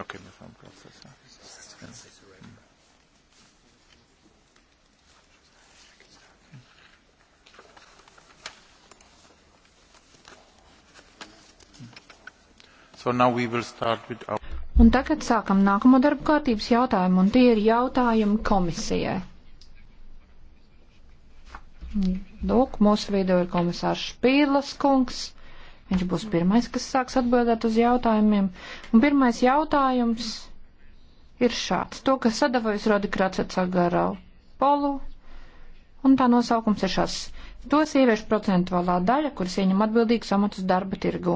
Okay, my phone process. Yeah. So now we will start with our... Un tagad sākam nākamo darba kārtības jautājumu, un tie ir jautājumi komisijai. Lūk, mūsu vidū ir komisārs Špīrlas kungs. Viņš būs pirmais, kas sāks atbildēt uz jautājumiem. Un pirmais jautājums ir šāds. To, kas sadavojas Rodikrācecā garā polu, un tā nosaukums ir šāds. To sieviešu procentuālā daļa, kuras ieņem atbildīgus amatus darba tirgu.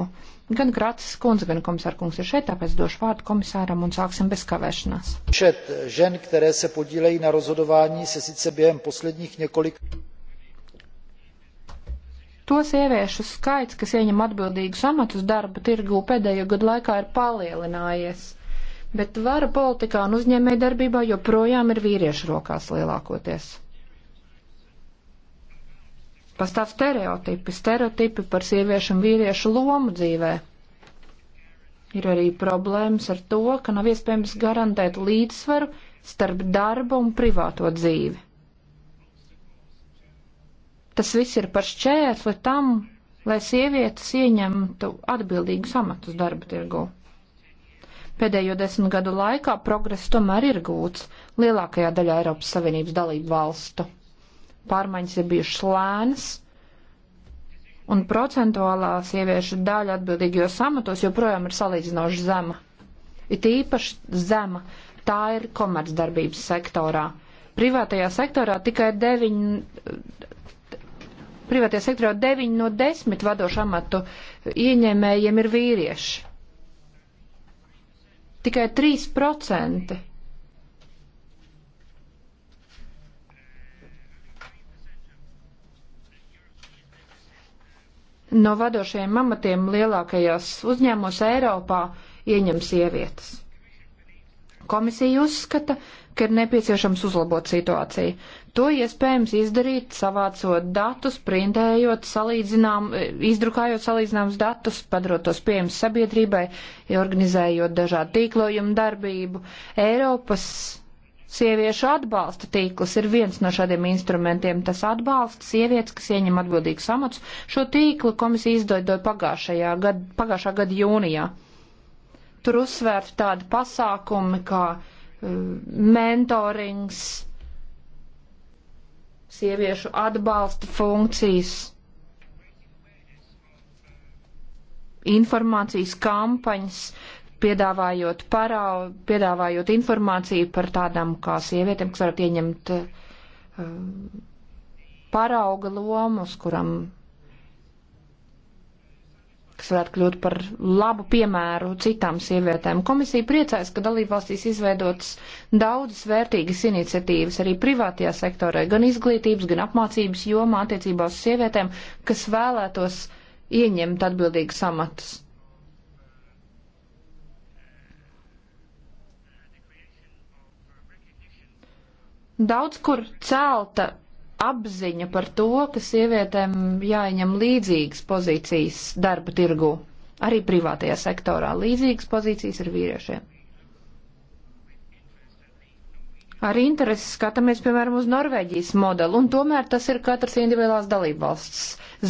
Gan Grācis kundze, gan komisārkungs ir šeit, tāpēc došu vārdu komisāram un sāksim bez kavēšanās. Šeit žen, které se podílejí na rozhodování, se sice během posledních několik... To sieviešu skaits, kas ieņem atbildīgus amatus darba tirgu pēdējo gadu laikā, ir palielinājies, bet vara politikā un uzņēmē darbībā joprojām ir vīriešu rokās lielākoties. Pastāv stereotipi, stereotipi par sieviešu un vīriešu lomu dzīvē. Ir arī problēmas ar to, ka nav iespējams garantēt līdzsvaru starp darbu un privāto dzīvi tas viss ir par šķērsli tam, lai sievietes ieņemtu atbildīgu samatus darba tirgu. Pēdējo desmit gadu laikā progress tomēr ir gūts lielākajā daļā Eiropas Savienības dalību valstu. Pārmaiņas ir bijušas lēnas, un procentuālā sieviešu daļa atbildīgajos amatos joprojām ir salīdzinoši zema. It īpaši zema tā ir komercdarbības sektorā. Privātajā sektorā tikai 9, privātajā sektorā 9 no 10 vadošu amatu ieņēmējiem ir vīrieši. Tikai 3%. No vadošajiem amatiem lielākajās uzņēmumos Eiropā ieņem sievietes. Komisija uzskata, ka ir nepieciešams uzlabot situāciju. To iespējams izdarīt, savācot datus, printējot, salīdzinām, izdrukājot salīdzināmus datus, padarot tos pieejams sabiedrībai, organizējot dažādu tīklojumu darbību. Eiropas sieviešu atbalsta tīkls ir viens no šādiem instrumentiem. Tas atbalsta sievietes, kas ieņem atbildīgus amats. Šo tīklu komisija izdodoja pagājušajā gada, pagājušā gada jūnijā. Tur uzsvērta tādi pasākumi kā uh, mentorings, sieviešu atbalsta funkcijas, informācijas kampaņas, piedāvājot, parā, piedāvājot informāciju par tādām kā sievietēm, kas varat ieņemt uh, parauga lomu, uz kuram kas varētu kļūt par labu piemēru citām sievietēm. Komisija priecājas, ka dalībvalstīs izveidotas daudzas vērtīgas iniciatīvas arī privātajā sektorē, gan izglītības, gan apmācības jomā attiecībā uz sievietēm, kas vēlētos ieņemt atbildīgus amatus. Daudz kur celta apziņa par to, ka sievietēm jāņem līdzīgas pozīcijas darba tirgu, arī privātajā sektorā, līdzīgas pozīcijas ar vīriešiem. Ar interesi skatāmies, piemēram, uz Norvēģijas modeli, un tomēr tas ir katras individuālās dalībvalsts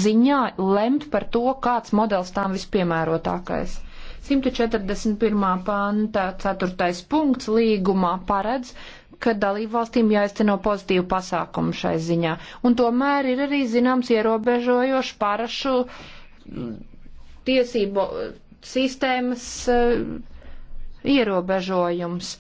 ziņā lemt par to, kāds modelis tām vispiemērotākais. 141. pantā 4. punkts līgumā paredz, ka dalību valstīm jāizteno pozitīvu pasākumu šai ziņā. Un tomēr ir arī zināms ierobežojoši parašu tiesību sistēmas e, ierobežojums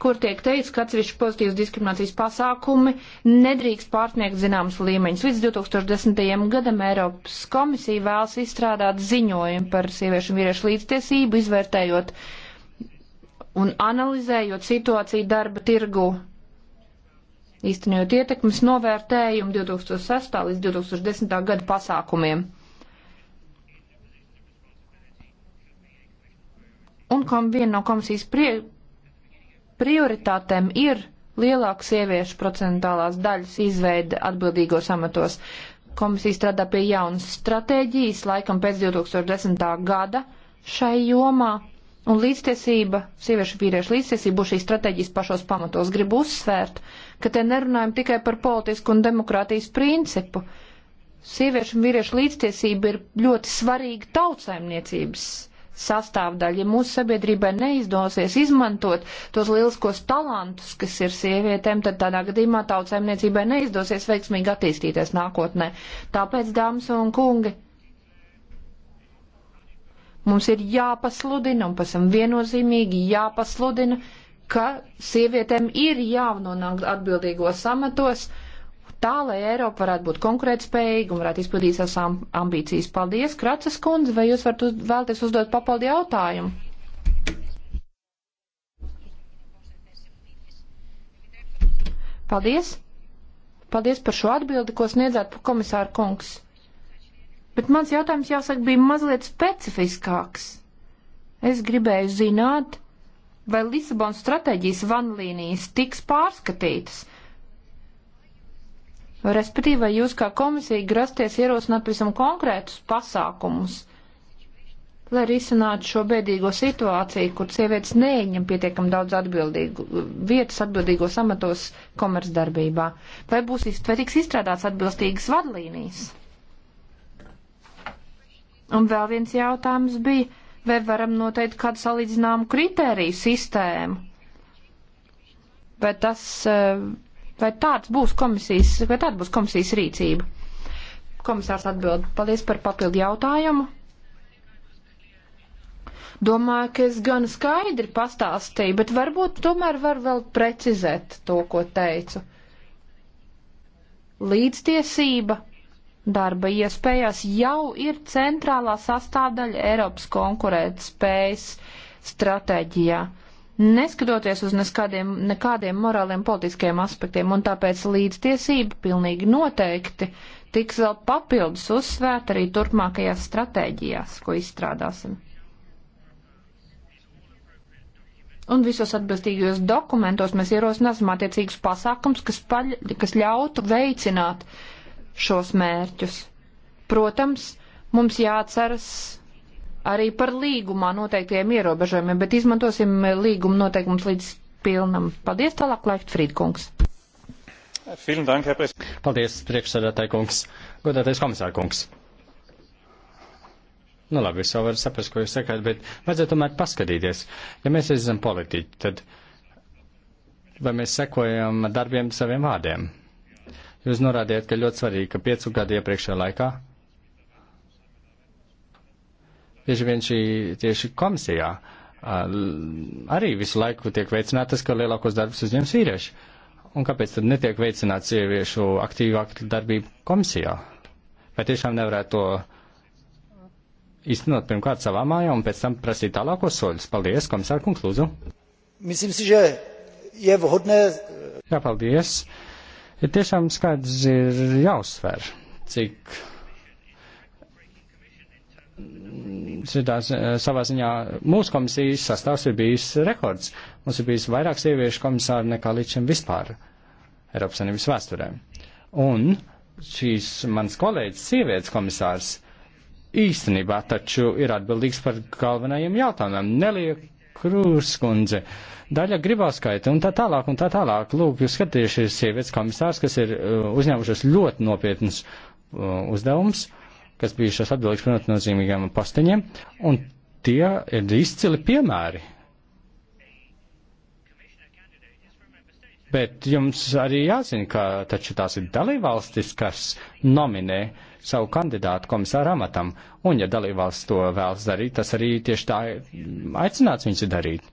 kur tiek teikts, ka atsevišķi pozitīvas diskriminācijas pasākumi nedrīkst pārsniegt zināmas līmeņus. Līdz 2010. gadam Eiropas komisija vēlas izstrādāt ziņojumu par sieviešu un vīriešu līdztiesību, izvērtējot un analizējot situāciju darba tirgu īstenojot ietekmes novērtējumu 2006. līdz 2010. gada pasākumiem. Un kam viena no komisijas prie, prioritātēm ir lielāka sieviešu procentālās daļas izveida atbildīgos amatos. Komisija strādā pie jaunas stratēģijas, laikam pēc 2010. gada šai jomā. Un līdztiesība, sieviešu vīriešu līdztiesība būs šīs stratēģijas pašos pamatos. Gribu uzsvērt, uh, ka te nerunājam tikai par politisku un demokrātijas principu. Sieviešu un vīriešu līdztiesība ir ļoti svarīga tautsaimniecības sastāvdaļa. Ja mūsu sabiedrībai neizdosies izmantot tos lieliskos talantus, kas ir sievietēm, tad tādā gadījumā tautsaimniecībai neizdosies veiksmīgi attīstīties nākotnē. Tāpēc, dāmas un kungi, mums ir jāpasludina un pasam viennozīmīgi jāpasludina, ka sievietēm ir jānonāk atbildīgos amatos, tā lai Eiropa varētu būt konkurētspējīga un varētu izpildīt savas ambīcijas. Paldies, Kracas kundze, vai jūs varat uz, vēlties uzdot papildu jautājumu? Paldies! Paldies par šo atbildi, ko sniedzāt komisāra kungs. Bet mans jautājums, jāsaka, bija mazliet specifiskāks. Es gribēju zināt, vai Lisabonas stratēģijas vanlīnijas tiks pārskatītas? Respektīvi, vai jūs kā komisija grasties ierosināt pavisam konkrētus pasākumus, lai risinātu šo bēdīgo situāciju, kur sievietes neieņem pietiekam daudz atbildīgu vietas atbildīgos amatos komercdarbībā? Vai, būs, vai tiks izstrādāts atbilstīgas vadlīnijas? Un vēl viens jautājums bija vai varam noteikt kādu salīdzināmu kritēriju sistēmu? Vai tas, eh, vai tāds būs komisijas, vai tāda būs komisijas rīcība? Komisārs atbild, paldies par papildu jautājumu. Domāju, ka es gan skaidri pastāstīju, bet varbūt tomēr var vēl precizēt to, ko teicu. Līdztiesība darba iespējas jau ir centrālā sastāvdaļa Eiropas konkurētspējas stratēģijā. Neskatoties uz neskādiem, nekādiem morāliem politiskiem aspektiem, un tāpēc līdztiesība pilnīgi noteikti tiks vēl papildus uzsvērta arī turpmākajās stratēģijās, ko izstrādāsim. Un visos atbilstīgajos dokumentos mēs ierosināsim attiecīgus pasākums, kas, paļ, kas ļautu veicināt uh, šos mērķus. Protams, mums jāatceras arī par līgumā noteiktiem ierobežojumiem, bet izmantosim līguma noteikumus līdz pilnam. Paldies tālāk, Laikt Frīdkungs. Paldies, priekšsēdētāji kungs, godātais komisāra kungs. Nu labi, es jau varu saprast, ko jūs sakāt, bet vajadzētu tomēr paskatīties. Ja mēs esam politiķi, tad vai mēs sekojam darbiem saviem vārdiem? Jūs norādījāt, ka ļoti svarīgi, ka piecu gadu iepriekšējā laikā bieži vien šī tieši komisijā arī visu laiku tiek veicinātas, ka lielākos darbus uzņems vīrieši. Un kāpēc tad netiek veicināta sieviešu aktīvāka darbība komisijā? Vai tiešām nevarētu to īstenot pirmkārt savā mājā un pēc tam prasīt tālākos soļus? Paldies, komisār kungs, lūdzu. Myslím si, že je vhodné. Jā, paldies. Uh, Ir tiešām skaidrs ir jāuzsver, cik šitās, savā ziņā mūsu komisijas sastāvs ir bijis rekords. Mums ir bijis vairāk sieviešu komisāru nekā līdz šim vispār Eiropas Savienības vēsturē. Un šīs mans kolēģis, sievietes komisārs, īstenībā taču ir atbildīgs par galvenajiem jautājumiem. Neliek Krūskundze. Daļa gribāskaita un tā tālāk un tā tālāk. Lūk, jūs skatieties šīs sievietes komisārs, kas ir uh, uzņēmušas ļoti nopietnus uh, uzdevumus, kas bijušas atbildīgas par nozīmīgiem pasteņiem, un tie ir izcili piemēri. Bet jums arī jāzina, ka taču tās ir dalībvalstis, kas nominē uh, savu kandidātu komisāru amatam, un ja dalībvalsts to vēlas darīt, tas arī tieši tā aicināts viņus darīt.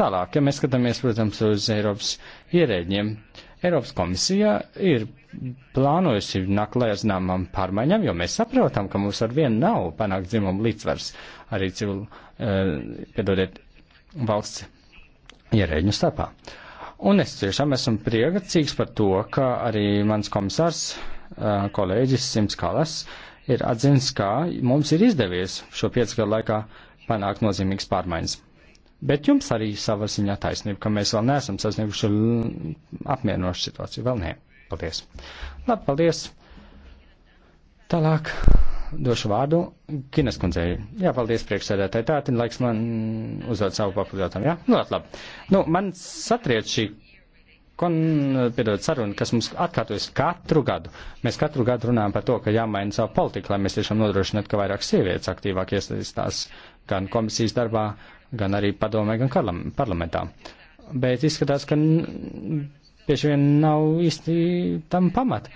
Tālāk, ja mēs skatāmies, protams, uz Eiropas ierēģiem, Eiropas komisija ir plānojusi nākt klajā zināmām pārmaiņām, jo mēs saprotam, ka mums ar vienu nav panākt dzimumu līdzsvars arī civil, eh, piedodiet, valsts ierēģu starpā. Uh, Un es tiešām esmu priecīgs par to, ka arī mans komisārs, kolēģis Simts Kalas, ir atzinis, ka mums ir izdevies šo piecu gadu laikā panākt nozīmīgas pārmaiņas. Bet jums arī sava ziņā taisnība, ka mēs vēl neesam sasnieguši apmierinošu situāciju. Vēl nē. Paldies. Labi, paldies. Tālāk došu vārdu Kinas kundzei. Jā, paldies priekšsēdētāji. Tā ir laiks man uzdot savu papildinājumu. Jā, nu, labi. Nu, man satriec šī piedod, saruna, kas mums atkārtojas katru gadu. Mēs katru gadu runājam par to, ka jāmaina savu politiku, lai mēs tiešām nodrošinātu, ka vairāk sievietes aktīvāk iesaistās gan komisijas darbā, gan arī padomē, gan parlamentā. Bet izskatās, ka bieži vien nav īsti tam pamata.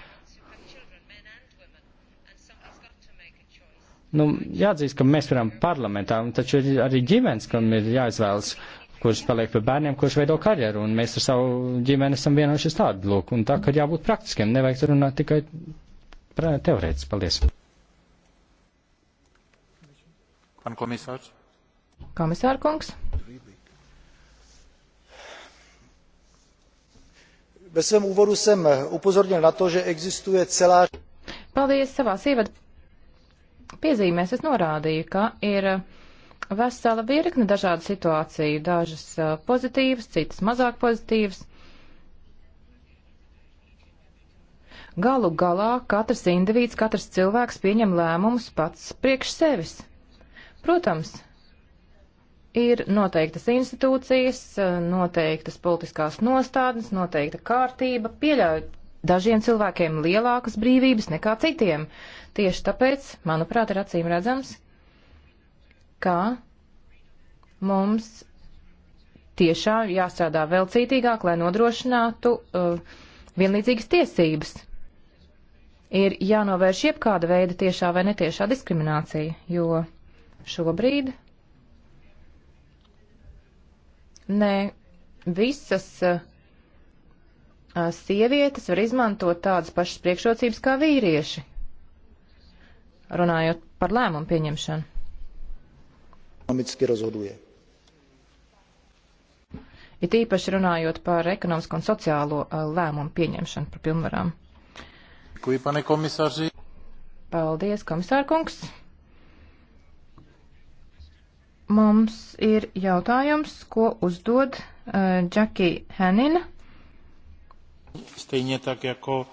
Nu, jāatzīst, ka mēs varam parlamentā, un taču ir arī ģimenes, kam ir jāizvēlas, kurš paliek pie bērniem, kurš veido karjeru, un mēs ar savu ģimeni esam vienojušies tādu lūk, un tā, ka jābūt praktiskiem, nevajag runāt tikai teorētiski. Paldies! Pan komisārs. Komisāra kungs. Ve svém úvodu jsem upozornil na to, že existuje celá... Paldies, savās ievadu piezīmēs es norādīju, ka ir uh, vesela virkne dažādu situāciju, dažas uh, pozitīvas, citas mazāk pozitīvas. Galu galā katrs indivīds, katrs cilvēks pieņem lēmumus pats priekš sevis. Protams, ir noteiktas institūcijas, uh, noteiktas politiskās nostādnes, noteikta kārtība, pieļaut dažiem cilvēkiem lielākas brīvības nekā citiem. Tieši tāpēc, manuprāt, ir acīm redzams, ka mums tiešām jāstrādā vēl cītīgāk, lai nodrošinātu uh, vienlīdzīgas tiesības. Ir jānovērš jebkāda veida tiešā vai netiešā diskriminācija, jo šobrīd ne visas uh, sievietes var izmantot tādas pašas priekšrocības kā vīrieši, runājot par lēmumu pieņemšanu. It īpaši runājot par ekonomisko un sociālo lēmumu pieņemšanu par pilnvarām. Kui, pane komisārži? Paldies, komisārkungs. Mums ir jautājums, ko uzdod uh, Džaki Henina. Stejně tak jako.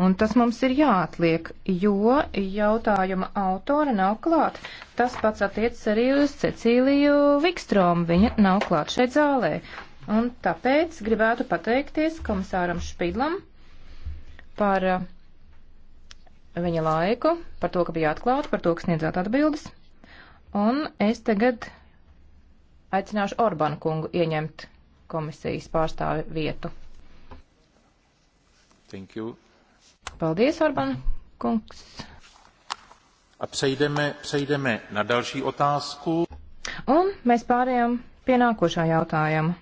Un tas mums ir jāatliek, jo jautājuma autora nav klāt. Tas pats attiecas arī uz Cecīliju Vikstromu. Viņa nav klāt šeit zālē. Un tāpēc gribētu pateikties komisāram Špidlam par uh, viņa laiku, par to, ka bija atklāta, par to, ka sniedzāt atbildes. Un es tagad aicināšu Orbānu kungu ieņemt komisijas pārstāvi vietu. Thank you. Paldies, Orban kungs. A přejdeme, přejdeme na další otázku. Un mēs pārējām pie nākošā jautājuma.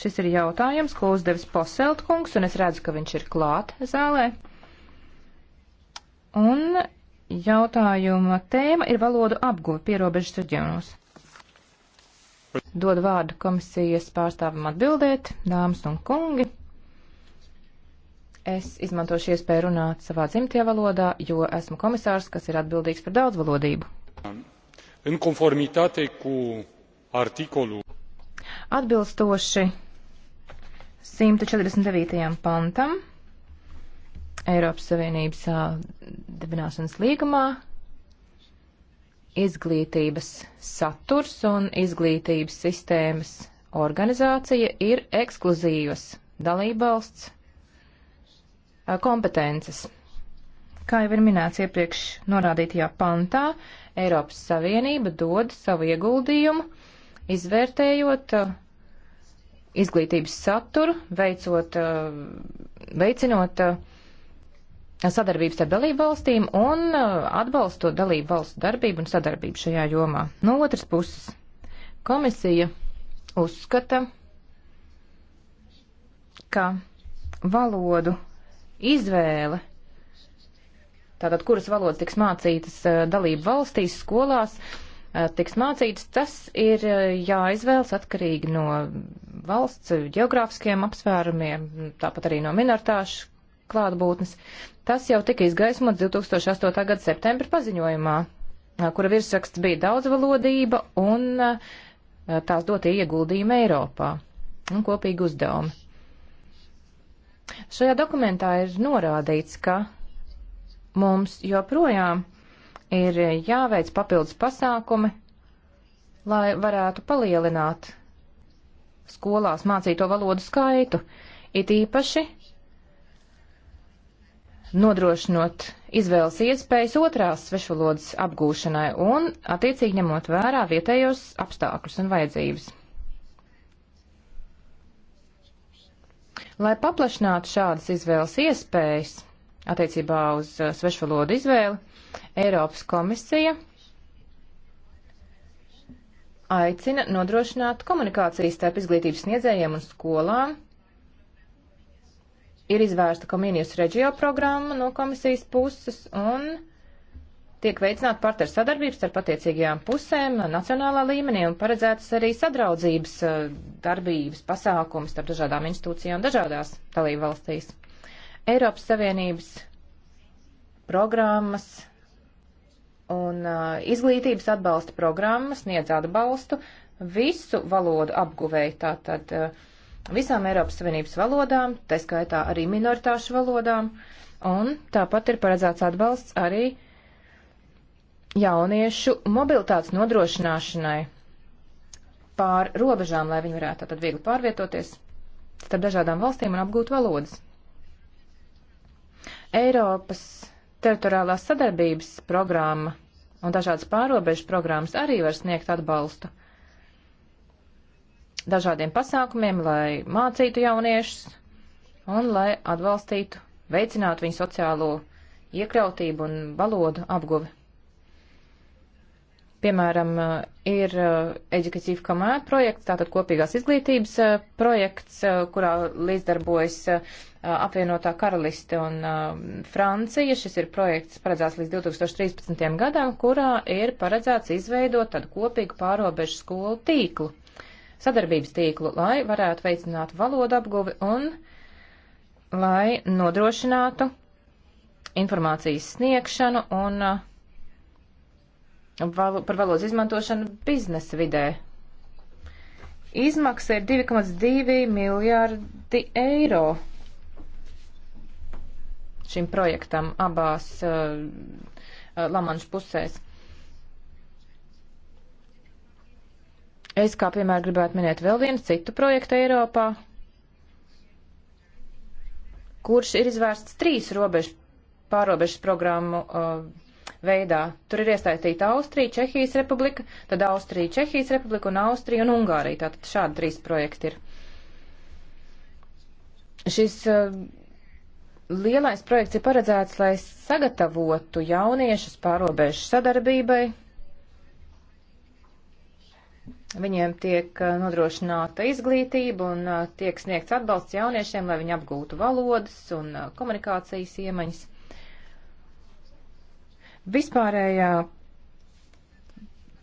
Šis ir jautājums, ko uzdevis Poselt kungs, un es redzu, ka viņš ir klāt zālē. Un jautājuma tēma ir valodu apguve pierobežas reģionos. Dod vārdu komisijas pārstāvam atbildēt, dāmas un kungi. Es izmantošu iespēju runāt savā dzimtajā valodā, jo esmu komisārs, kas ir atbildīgs par daudzvalodību. Artikolu... Atbilstoši 149. pantam Eiropas Savienības dibināšanas līgumā izglītības saturs un izglītības sistēmas organizācija ir ekskluzīvas dalībvalsts Eh, kompetences. Kā jau ir minēts iepriekš norādītajā pantā, Eiropas Savienība dod savu ieguldījumu, izvērtējot eh, izglītības saturu, veicot, eh, veicinot sadarbības ar dalību valstīm un atbalstot dalību valstu darbību un sadarbību šajā jomā. No otras puses, komisija uzskata, ka valodu izvēle. Tātad, kuras valodas tiks mācītas eh, dalību valstīs, skolās, eh, tiks mācītas, tas ir eh, jāizvēlas atkarīgi no valsts geogrāfiskiem apsvērumiem, tāpat arī no minoritāšu klātbūtnes. Tas jau tika izgaismots 2008. gada septembra paziņojumā, kura virsraksts bija daudzvalodība un tās dotie ieguldījumi Eiropā un kopīgi uzdevumi. Šajā dokumentā ir norādīts, ka mums joprojām ir jāveic papildus pasākumi, lai varētu palielināt skolās mācīto valodu skaitu, it īpaši nodrošinot izvēles iespējas otrās svešvalodas apgūšanai un, attiecīgi ņemot vērā vietējos apstākļus un vajadzības. Lai paplašinātu šādas izvēles iespējas attiecībā uz uh, svešvalodu izvēli, Eiropas komisija aicina nodrošināt komunikācijas starp izglītības sniedzējiem un skolām. Ir izvērsta Comenius Regio programma no komisijas puses un tiek veicināta partneru sadarbības ar patiecīgajām pusēm nacionālā līmenī un paredzētas arī sadraudzības eh, darbības pasākums starp dažādām institūcijām dažādās dalību valstīs. Eiropas Savienības programmas un uh, izglītības atbalsta programmas sniedz atbalstu visu valodu apguvēju, tātad uh, visām Eiropas Savienības valodām, tā skaitā arī minoritāšu valodām, un tāpat ir paredzēts atbalsts arī uh, jauniešu mobilitātes nodrošināšanai pār robežām, lai viņi varētu tātad viegli pārvietoties starp dažādām valstīm un apgūt valodas. Eiropas teritoriālās sadarbības programma un dažādas pārobežu programmas arī var sniegt atbalstu dažādiem pasākumiem, lai mācītu jauniešus un lai atbalstītu, veicinātu viņu sociālo iekļautību un valodu apguvi. Piemēram, eh, ir eh, Educative Command projekts, tātad kopīgās izglītības eh, projekts, kurā līdzdarbojas apvienotā karaliste un Francija. Šis ir projekts paredzēts līdz 2013. gadam, kurā ir paredzēts izveidot tādu kopīgu pārobežu skolu tīklu, sadarbības tīklu, lai varētu veicināt valodu apguvi un lai nodrošinātu informācijas sniegšanu un uh, valo, par valodas izmantošanu biznesa vidē. Izmaksa ir 2,2 miljārdi eiro šim projektam abās uh, Lamanšu pusēs. Es, kā piemēram, gribētu minēt vēl vienu citu projektu Eiropā, kurš ir izvērsts trīs robežu, pārobežu programmu uh, veidā. Tur ir iestādīta Austrija, Čehijas republika, tad Austrija, Čehijas republika un Austrija un Ungārija. Tātad šādi trīs projekti ir. Šis uh, lielais projekts ir paredzēts, lai sagatavotu jauniešus pārobežu sadarbībai. Viņiem tiek uh, nodrošināta izglītība un uh, tiek sniegts atbalsts jauniešiem, lai viņi apgūtu valodas un uh, komunikācijas iemaņas. Vispārējā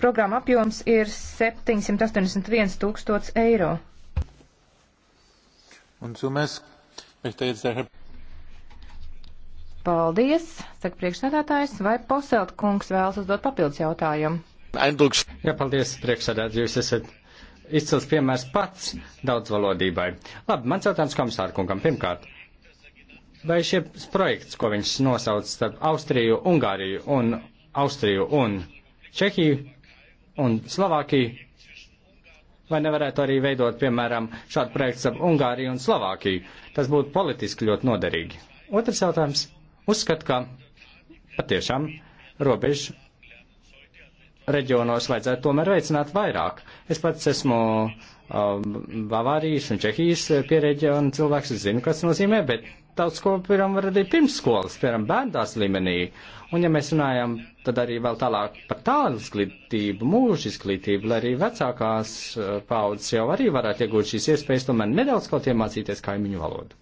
programma apjoms ir 781 tūkstots eiro. Mulțumesc. Paldies, saka priekšsēdētājs, vai Poselt kungs vēlas uzdot papildus jautājumu? Eindruks. Jā, paldies, priekšsēdētājs, jūs esat izcils piemērs pats daudzvalodībai. Labi, mans jautājums komisāra kungam. Pirmkārt, vai šis projekts, ko viņš nosauc starp Austriju, Ungāriju un Austriju un Čehiju un Slovākiju, vai nevarētu arī veidot, piemēram, šādu projektu starp Ungāriju un Slovākiju? Tas būtu politiski ļoti noderīgi. Otrs jautājums. Uzskat, ka patiešām robežu reģionos vajadzētu tomēr veicināt vairāk. Es pats esmu um, Bavārijas un Čehijas pierēģi un cilvēks zinu, kas nozīmē, bet tautas kopienam var radīt pirmsskolas, piemēram, bērndās līmenī. Un ja mēs runājam, tad arī vēl tālāk par tālu izglītību, mūža izglītību, lai arī vecākās eh, paudzes jau arī varētu iegūt šīs iespējas, tomēr nedaudz kaut iemācīties kaimiņu valodu.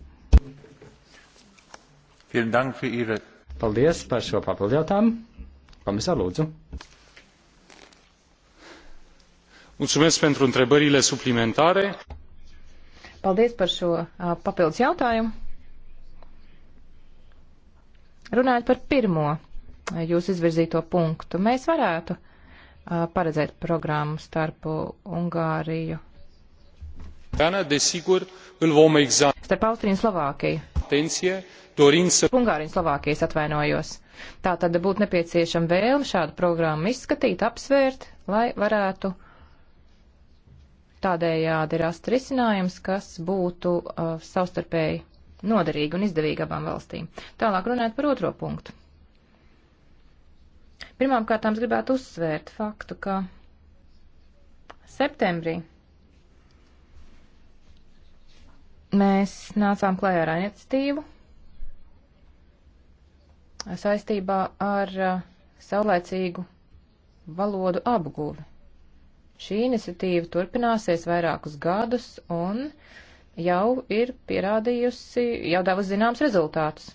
Paldies par šo papildu jautājumu. Komisār, lūdzu. Mulțumesc pentru întrebările suplimentare. Paldies par šo uh, papildus jautājumu. Runājot par pirmo eh, jūsu izvirzīto punktu, mēs varētu uh, paredzēt programmu starp Ungāriju. Starp Austriju un Slovākiju. Ungāriju un Slovākijas atvainojos. Tā tad būtu nepieciešama vēlme šādu programmu izskatīt, apsvērt, lai varētu tādējādi rast risinājums, kas būtu uh, savstarpēji noderīga un izdevīga abām valstīm. Tālāk runājot par otro punktu. Pirmkārt, es gribētu uzsvērt faktu, ka septembrī mēs nācām klajā ar iniciatīvu saistībā ar uh, saulēcīgu valodu apguvi. Šī iniciatīva turpināsies vairākus gadus, un jau ir pierādījusi, jau devusi zināms rezultātus.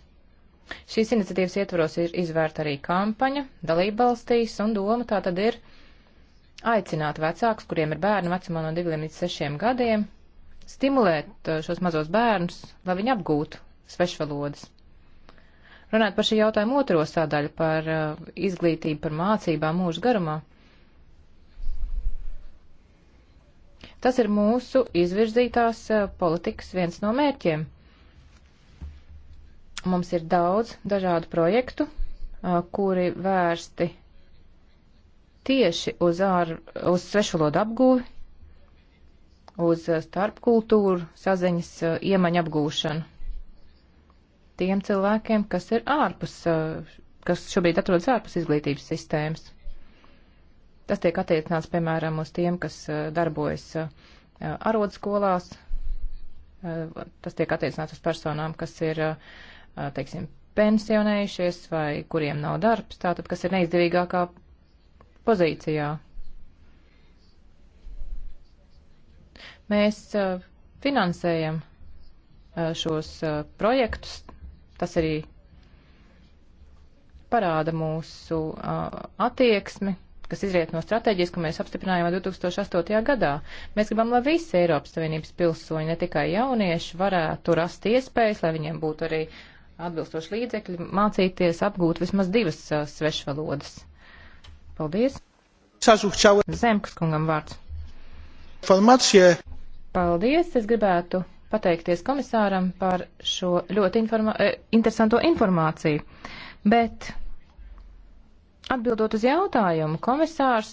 Šīs iniciatīvas ietvaros ir izvērta arī kampaņa dalībvalstīs, un doma tā tad ir aicināt vecākus, kuriem ir bērni vecumā no 2 līdz 6 gadiem, stimulēt uh, šos mazos bērnus, lai viņi apgūtu svešvalodas. Runājot par šī jautājuma otro sādaļu par uh, izglītību, par mācībām mūža garumā. Tas ir mūsu izvirzītās eh, politikas viens no mērķiem. Mums ir daudz dažādu projektu, eh, kuri vērsti tieši uz, ār, uz svešvalodu apgūvi, uz eh, starpkultūru saziņas iemaņu apgūšanu. Tiem cilvēkiem, kas ir ārpus, kas šobrīd atrodas ārpus izglītības sistēmas. Tas tiek attiecināts, piemēram, uz tiem, kas eh, darbojas eh, arodskolās. Eh, tas tiek attiecināts uz personām, kas ir, teiksim, pensionējušies vai kuriem nav darbs, tātad kas ir neizdevīgākā pozīcijā. Mēs finansējam šos projektus. Tas arī parāda mūsu attieksmi kas izriet no stratēģijas, ko mēs apstiprinājām 2008. gadā. Mēs gribam, lai visi Eiropas Savienības pilsoņi, ne tikai jaunieši, varētu rast iespējas, lai viņiem būtu arī atbilstoši līdzekļi mācīties apgūt vismaz divas uh, svešvalodas. Paldies! Zemkas kungam vārds. Informācija. Paldies! Es gribētu pateikties komisāram par šo ļoti informa eh, interesanto informāciju. Bet Atbildot uz jautājumu, komisārs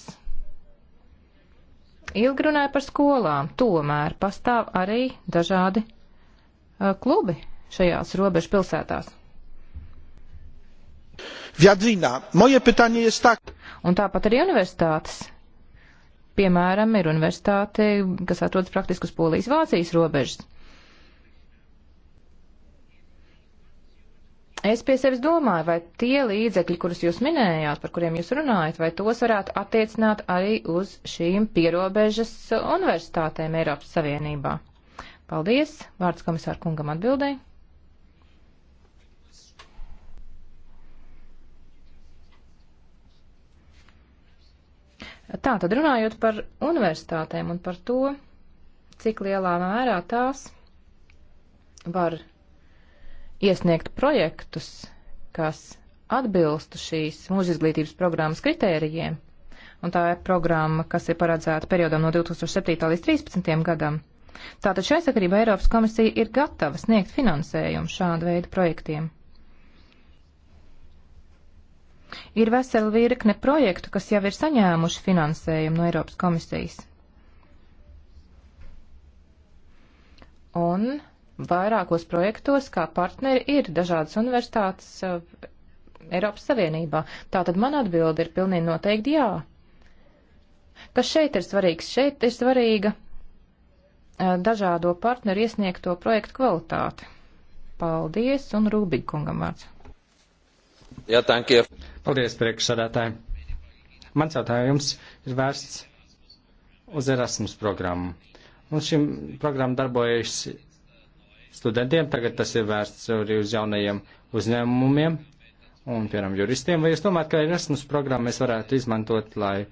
ilgi runāja par skolām, tomēr pastāv arī dažādi uh, klubi šajās robežu pilsētās. Viadzīnā, moje pytanie jest tak. Un tāpat arī universitātes. Piemēram, ir universitāte, kas atrodas praktiski uz Polijas-Vācijas robežas. Es pie sevis domāju, vai tie līdzekļi, kurus jūs minējāt, par kuriem jūs runājat, vai tos varētu attiecināt arī uz šīm pierobežas universitātēm Eiropas Savienībā. Paldies! Vārds komisāra kungam atbildēja. Tā tad runājot par universitātēm un par to, cik lielā mērā tās var iesniegt projektus, kas atbilstu šīs mūža izglītības programmas kritērijiem, un tā ir programma, kas ir paredzēta periodam no 2007. līdz 2013. gadam. Tātad šai sakarībā Eiropas komisija ir gatava sniegt finansējumu šādu veidu projektiem. Ir vesela virkne projektu, kas jau ir saņēmuši finansējumu no Eiropas komisijas. Un vairākos projektos, kā partneri ir dažādas universitātes uh, Eiropas Savienībā. Tātad man atbildi ir pilnīgi noteikti jā. Kas šeit ir svarīgs? Šeit ir svarīga uh, dažādo partneru iesniegto projektu kvalitāte. Paldies un Rūbīgkungam vārds. Jā, tankie. Paldies, priekšsādātāji. Mans jautājums ir vērsts uz Erasmus programmu. Un šim programmu darbojas studentiem, tagad tas ir vērsts arī uz jaunajiem uzņēmumiem un, piemēram, juristiem. Vai jūs domājat, ka Erasmus programmu mēs varētu izmantot, lai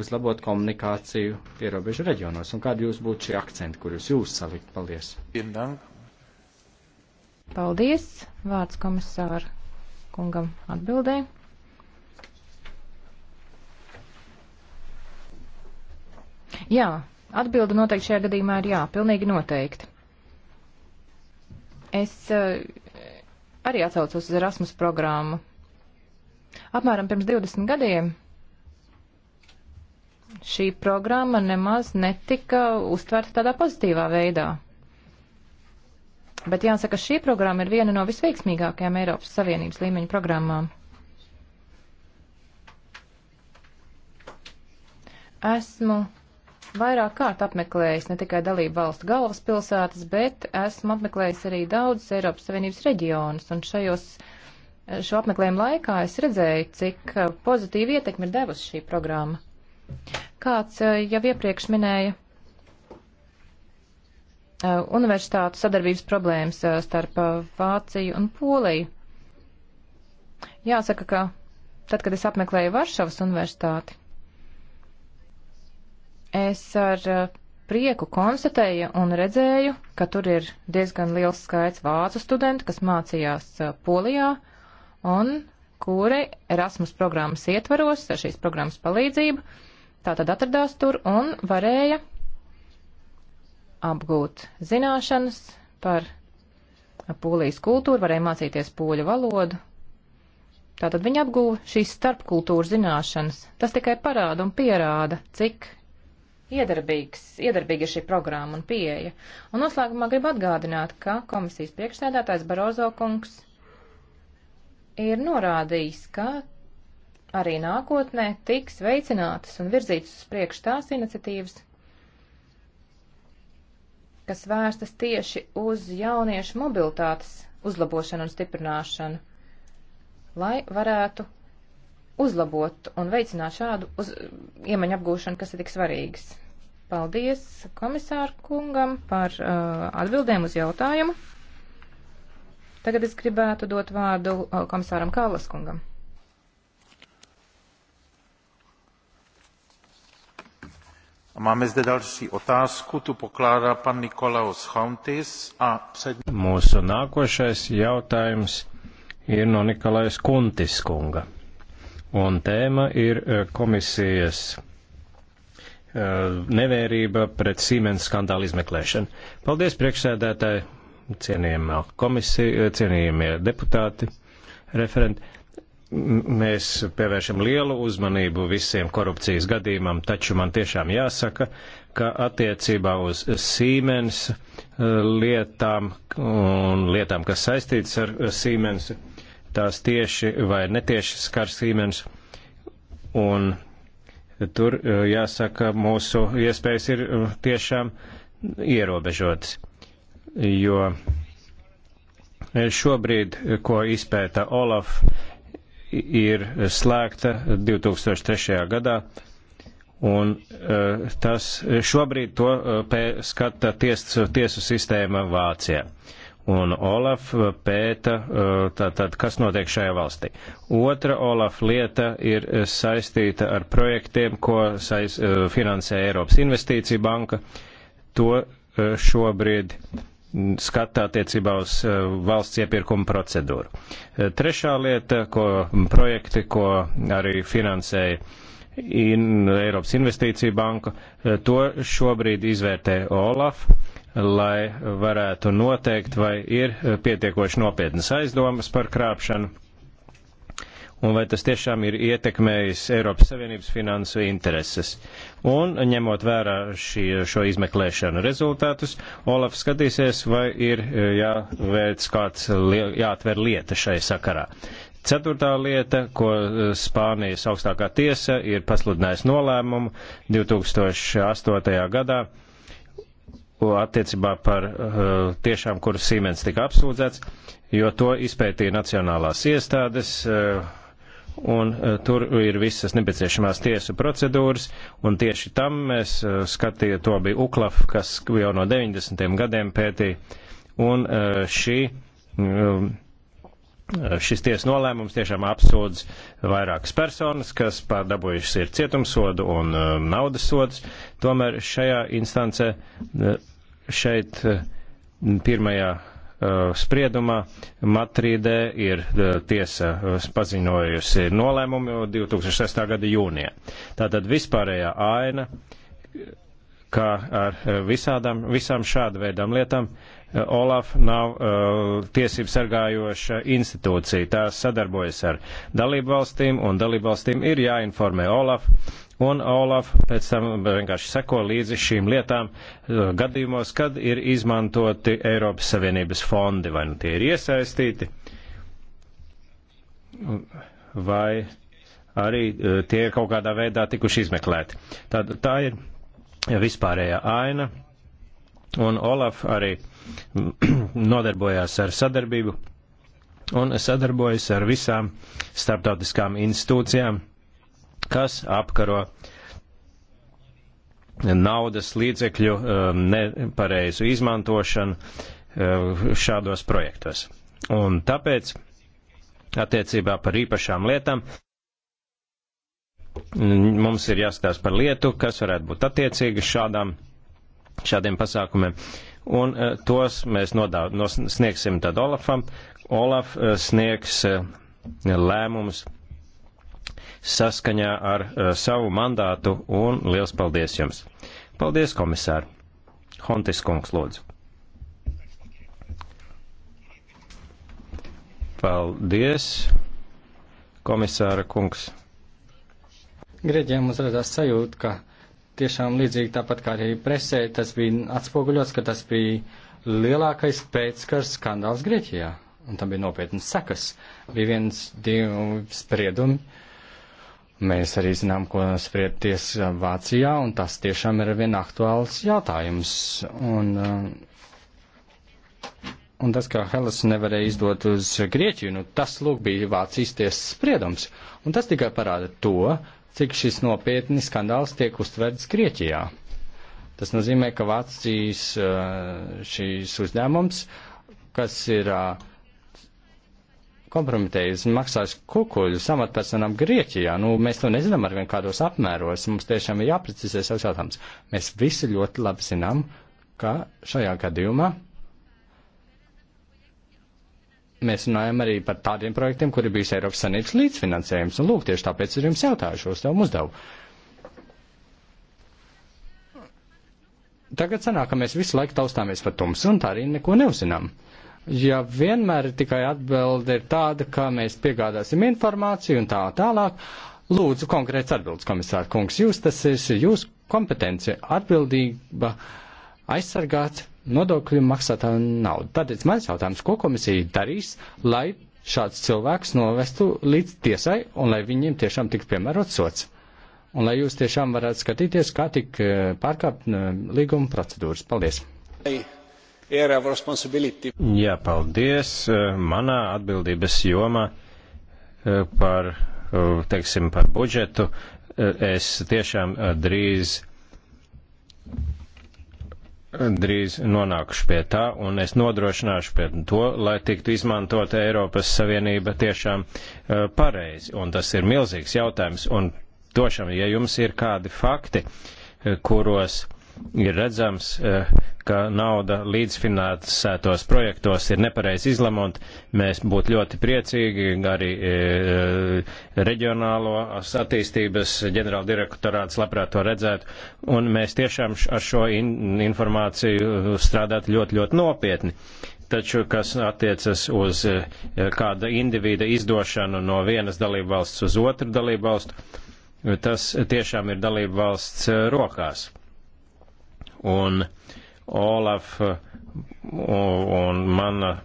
uzlabot komunikāciju pierobežu reģionos? Un kādi jūs būtu šie akcenti, kur jūs jūs salikt? Paldies! Paldies! Vārds komisāra kungam atbildēja. Jā, atbilde noteikti šajā gadījumā ir jā, pilnīgi noteikti. Es eh, arī atsaucos uz Erasmus programmu. Apmēram pirms 20 gadiem šī programma nemaz netika uztvērta tādā pozitīvā veidā. Bet jāsaka, šī programma ir viena no visveiksmīgākajām Eiropas Savienības līmeņa programmām. Esmu vairāk kārt apmeklējis ne tikai dalību valstu galvaspilsētas, bet esmu apmeklējis arī daudzus Eiropas Savienības reģionus, un šajos šo apmeklējumu laikā es redzēju, cik uh, pozitīvi ietekmi ir devusi šī programma. Kāds uh, jau iepriekš minēja uh, universitātu sadarbības problēmas starp Vāciju un Poliju. Jāsaka, ka tad, kad es apmeklēju Varšavas universitāti, Es ar eh, prieku konstatēju un redzēju, ka tur ir diezgan liels skaits vācu studentu, kas mācījās eh, Polijā un kuri Erasmus programmas ietvaros ar šīs programmas palīdzību tātad atradās tur un varēja apgūt zināšanas par polijas kultūru, varēja mācīties poļu valodu. Tātad viņi apgūva šīs starpkultūras zināšanas. Tas tikai parāda un pierāda, cik iedarbīgs, iedarbīga šī programma un pieeja. Un noslēgumā gribu atgādināt, ka komisijas priekšsēdētājs Barozo kungs ir norādījis, ka arī nākotnē tiks veicinātas un virzītas uz priekšu tās iniciatīvas, kas vērstas tieši uz jauniešu mobilitātes uzlabošanu un stiprināšanu, lai varētu uzlabot un veicināt šādu uz, iemaņu apgūšanu, kas ir tik svarīgs. Paldies komisāru kungam par uh, atbildēm uz jautājumu. Tagad es gribētu dot vārdu uh, komisāram Kālas kungam. Máme zde další otázku, tu pokládá pan Nikolaus Hauntis a před... Mūsu nākošais jautājums ir no Nikolais Kuntis kunga un tēma ir eh, komisijas eh, nevērība pret Siemens skandālu izmeklēšanu. Paldies priekšsēdētāji, cienījamā komisija, eh, cienījamie deputāti, referenti. Mēs pievēršam lielu uzmanību visiem korupcijas gadījumam, taču man tiešām jāsaka, ka attiecībā uz Siemens lietām un lietām, kas saistītas ar Siemens, uh, tās tieši vai netieši skar Siemens. Un tur e, jāsaka, mūsu iespējas ir e, tiešām ierobežotas, jo šobrīd, ko izpēta Olaf, ir slēgta 2003. gadā, un e, tas šobrīd to skata ties, tiesu sistēma Vācijā un Olaf pēta, eh, tātad, kas notiek šajā valstī. Otra Olaf lieta ir eh, saistīta ar projektiem, ko saiz, eh, finansē Eiropas investīcija banka. To šobrīd skata attiecībā uz valsts iepirkuma procedūru. Trešā lieta, ko projekti, ko arī finansēja in, Eiropas investīcija banka, to šobrīd izvērtē Olaf lai varētu noteikt, vai ir eh, pietiekoši nopietnas aizdomas par krāpšanu, un vai tas tiešām ir ietekmējis Eiropas Savienības finansu intereses. Un, ņemot vērā šī, šo izmeklēšanu rezultātus, Olaf skatīsies, vai ir eh, jāvērts kāds, jāatver lieta šai sakarā. Ceturtā lieta, ko eh, Spānijas augstākā tiesa ir pasludinājusi nolēmumu 2008. gadā attiecībā par uh, tiešām, kuras Siemens tika apsūdzēts, jo to izpētīja nacionālās iestādes, uh, un uh, tur ir visas nepieciešamās tiesu procedūras, un tieši tam mēs uh, skatīja, to bija UKLAF, kas jau no 90. gadiem pētīja, un uh, šī. Uh, šis tiesas nolēmums tiešām apsūdz vairākas personas, kas dabūjušas ir cietumsodu un uh, naudas sods. Tomēr šajā instancē, uh, šeit uh, pirmajā spriedumā Matrīdē ir tiesa paziņojusi nolēmumu 2006. gada jūnijā. Tātad vispārējā aina, kā ar visādām, visām šāda veidām lietām, uh, Eh, Olaf nav uh, tiesību sargājoša institūcija. Tās sadarbojas ar dalību valstīm, un dalību valstīm ir jāinformē Olaf. Un Olaf pēc tam vienkārši seko līdzi šīm lietām uh, gadījumos, kad ir izmantoti Eiropas Savienības fondi, vai nu tie ir iesaistīti, vai arī uh, tie ir kaut kādā veidā tikuši izmeklēti. Tā, tā ir vispārējā aina. Un Olaf arī uh, nodarbojās ar sadarbību un sadarbojas ar visām starptautiskām institūcijām, kas apkaro naudas līdzekļu um, nepareizu izmantošanu uh, šādos projektos. Un tāpēc attiecībā par īpašām lietām mums ir jāskatās par lietu, kas varētu būt attiecīga šādām, šādiem pasākumiem un eh, tos mēs nodā, sniegsim tad Olafam. Olaf eh, sniegs eh, lēmumus saskaņā ar savu mandātu un liels paldies jums. Paldies, komisāri. Hontis kungs, lūdzu. Paldies, komisāra kungs. Grieķiem uzrādās sajūta, ka tiešām līdzīgi tāpat kā arī presē, tas bija atspoguļots, ka tas bija lielākais pēckars skandāls Grieķijā. Un tam bija nopietnas sekas. Bija viens, divi spriedumi. Mēs arī zinām, ko spried tiesa Vācijā, un tas tiešām ir vien aktuāls jautājums. Un, uh, un tas, ka Helas nevarēja izdot uz Grieķiju, nu, tas lūk bija Vācijas tiesas spriedums. Un tas tikai parāda to, cik šis nopietni skandāls tiek uztverts Grieķijā. Tas nozīmē, ka Vācijas eh, šīs uzņēmums, kas ir eh, kompromitējis un maksājis kukuļu samatpersonām Grieķijā, nu, mēs to nezinām ar vien kādos apmēros, mums tiešām ir jāprecizē savs jautājums. Mēs visi ļoti labi zinām, ka šajā gadījumā mēs runājam arī par tādiem projektiem, kuri bijis Eiropas Sanības līdzfinansējums. Un lūk, tieši tāpēc ir jums jautājuši uzdevumu uzdevu. Tagad sanāk, ka mēs visu laiku taustāmies par tumsu un tā arī neko neuzinām. Ja vienmēr tikai atbilde ir tāda, ka mēs piegādāsim informāciju un tā tālāk, lūdzu konkrēts atbildes komisāra kungs, jūs tas ir jūs kompetence, atbildība aizsargāt nodokļu maksātāju naudu. Tātad mans jautājums, ko komisija darīs, lai šāds cilvēks novestu līdz tiesai un lai viņiem tiešām tik piemērots sots? Un lai jūs tiešām varētu skatīties, kā tik eh, pārkāpt eh, līguma procedūras. Paldies! Jā, paldies! Manā atbildības jomā eh, par, teiksim, par budžetu es tiešām drīz drīz nonākuši pie tā, un es nodrošināšu pie to, lai tiktu izmantota Eiropas Savienība tiešām eh, pareizi. Un tas ir milzīgs jautājums, un tošam, ja jums ir kādi fakti, eh, kuros ir redzams, e, ka nauda līdzfinansētos projektos ir nepareizi izlamot. Mēs būtu ļoti priecīgi arī e, reģionālo attīstības ģenerāla direktorāts labprāt to redzētu. Un mēs tiešām ar šo in informāciju strādātu ļoti, ļoti nopietni. Taču, kas attiecas uz e, kāda individa izdošanu no vienas dalībvalsts uz otru dalībvalstu, tas tiešām ir dalībvalsts rokās un Olaf uh, un mana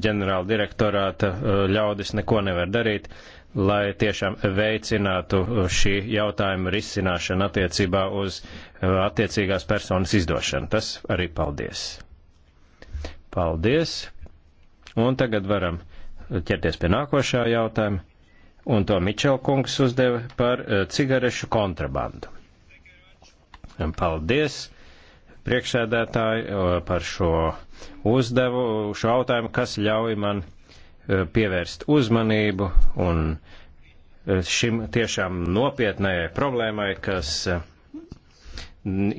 ģenerāla direktorāta uh, ļaudis neko nevar darīt, lai tiešām veicinātu uh, šī jautājuma risināšanu attiecībā uz attiecīgās personas izdošanu. Tas arī paldies. Paldies. Un tagad varam ķerties pie nākošā jautājuma. Un to Mičel kungs uzdeva par cigarešu kontrabandu. Paldies priekšsēdētāji, par šo uzdevu, šo jautājumu, kas ļauj man e, pievērst uzmanību un e, šim tiešām nopietnējai problēmai, kas e,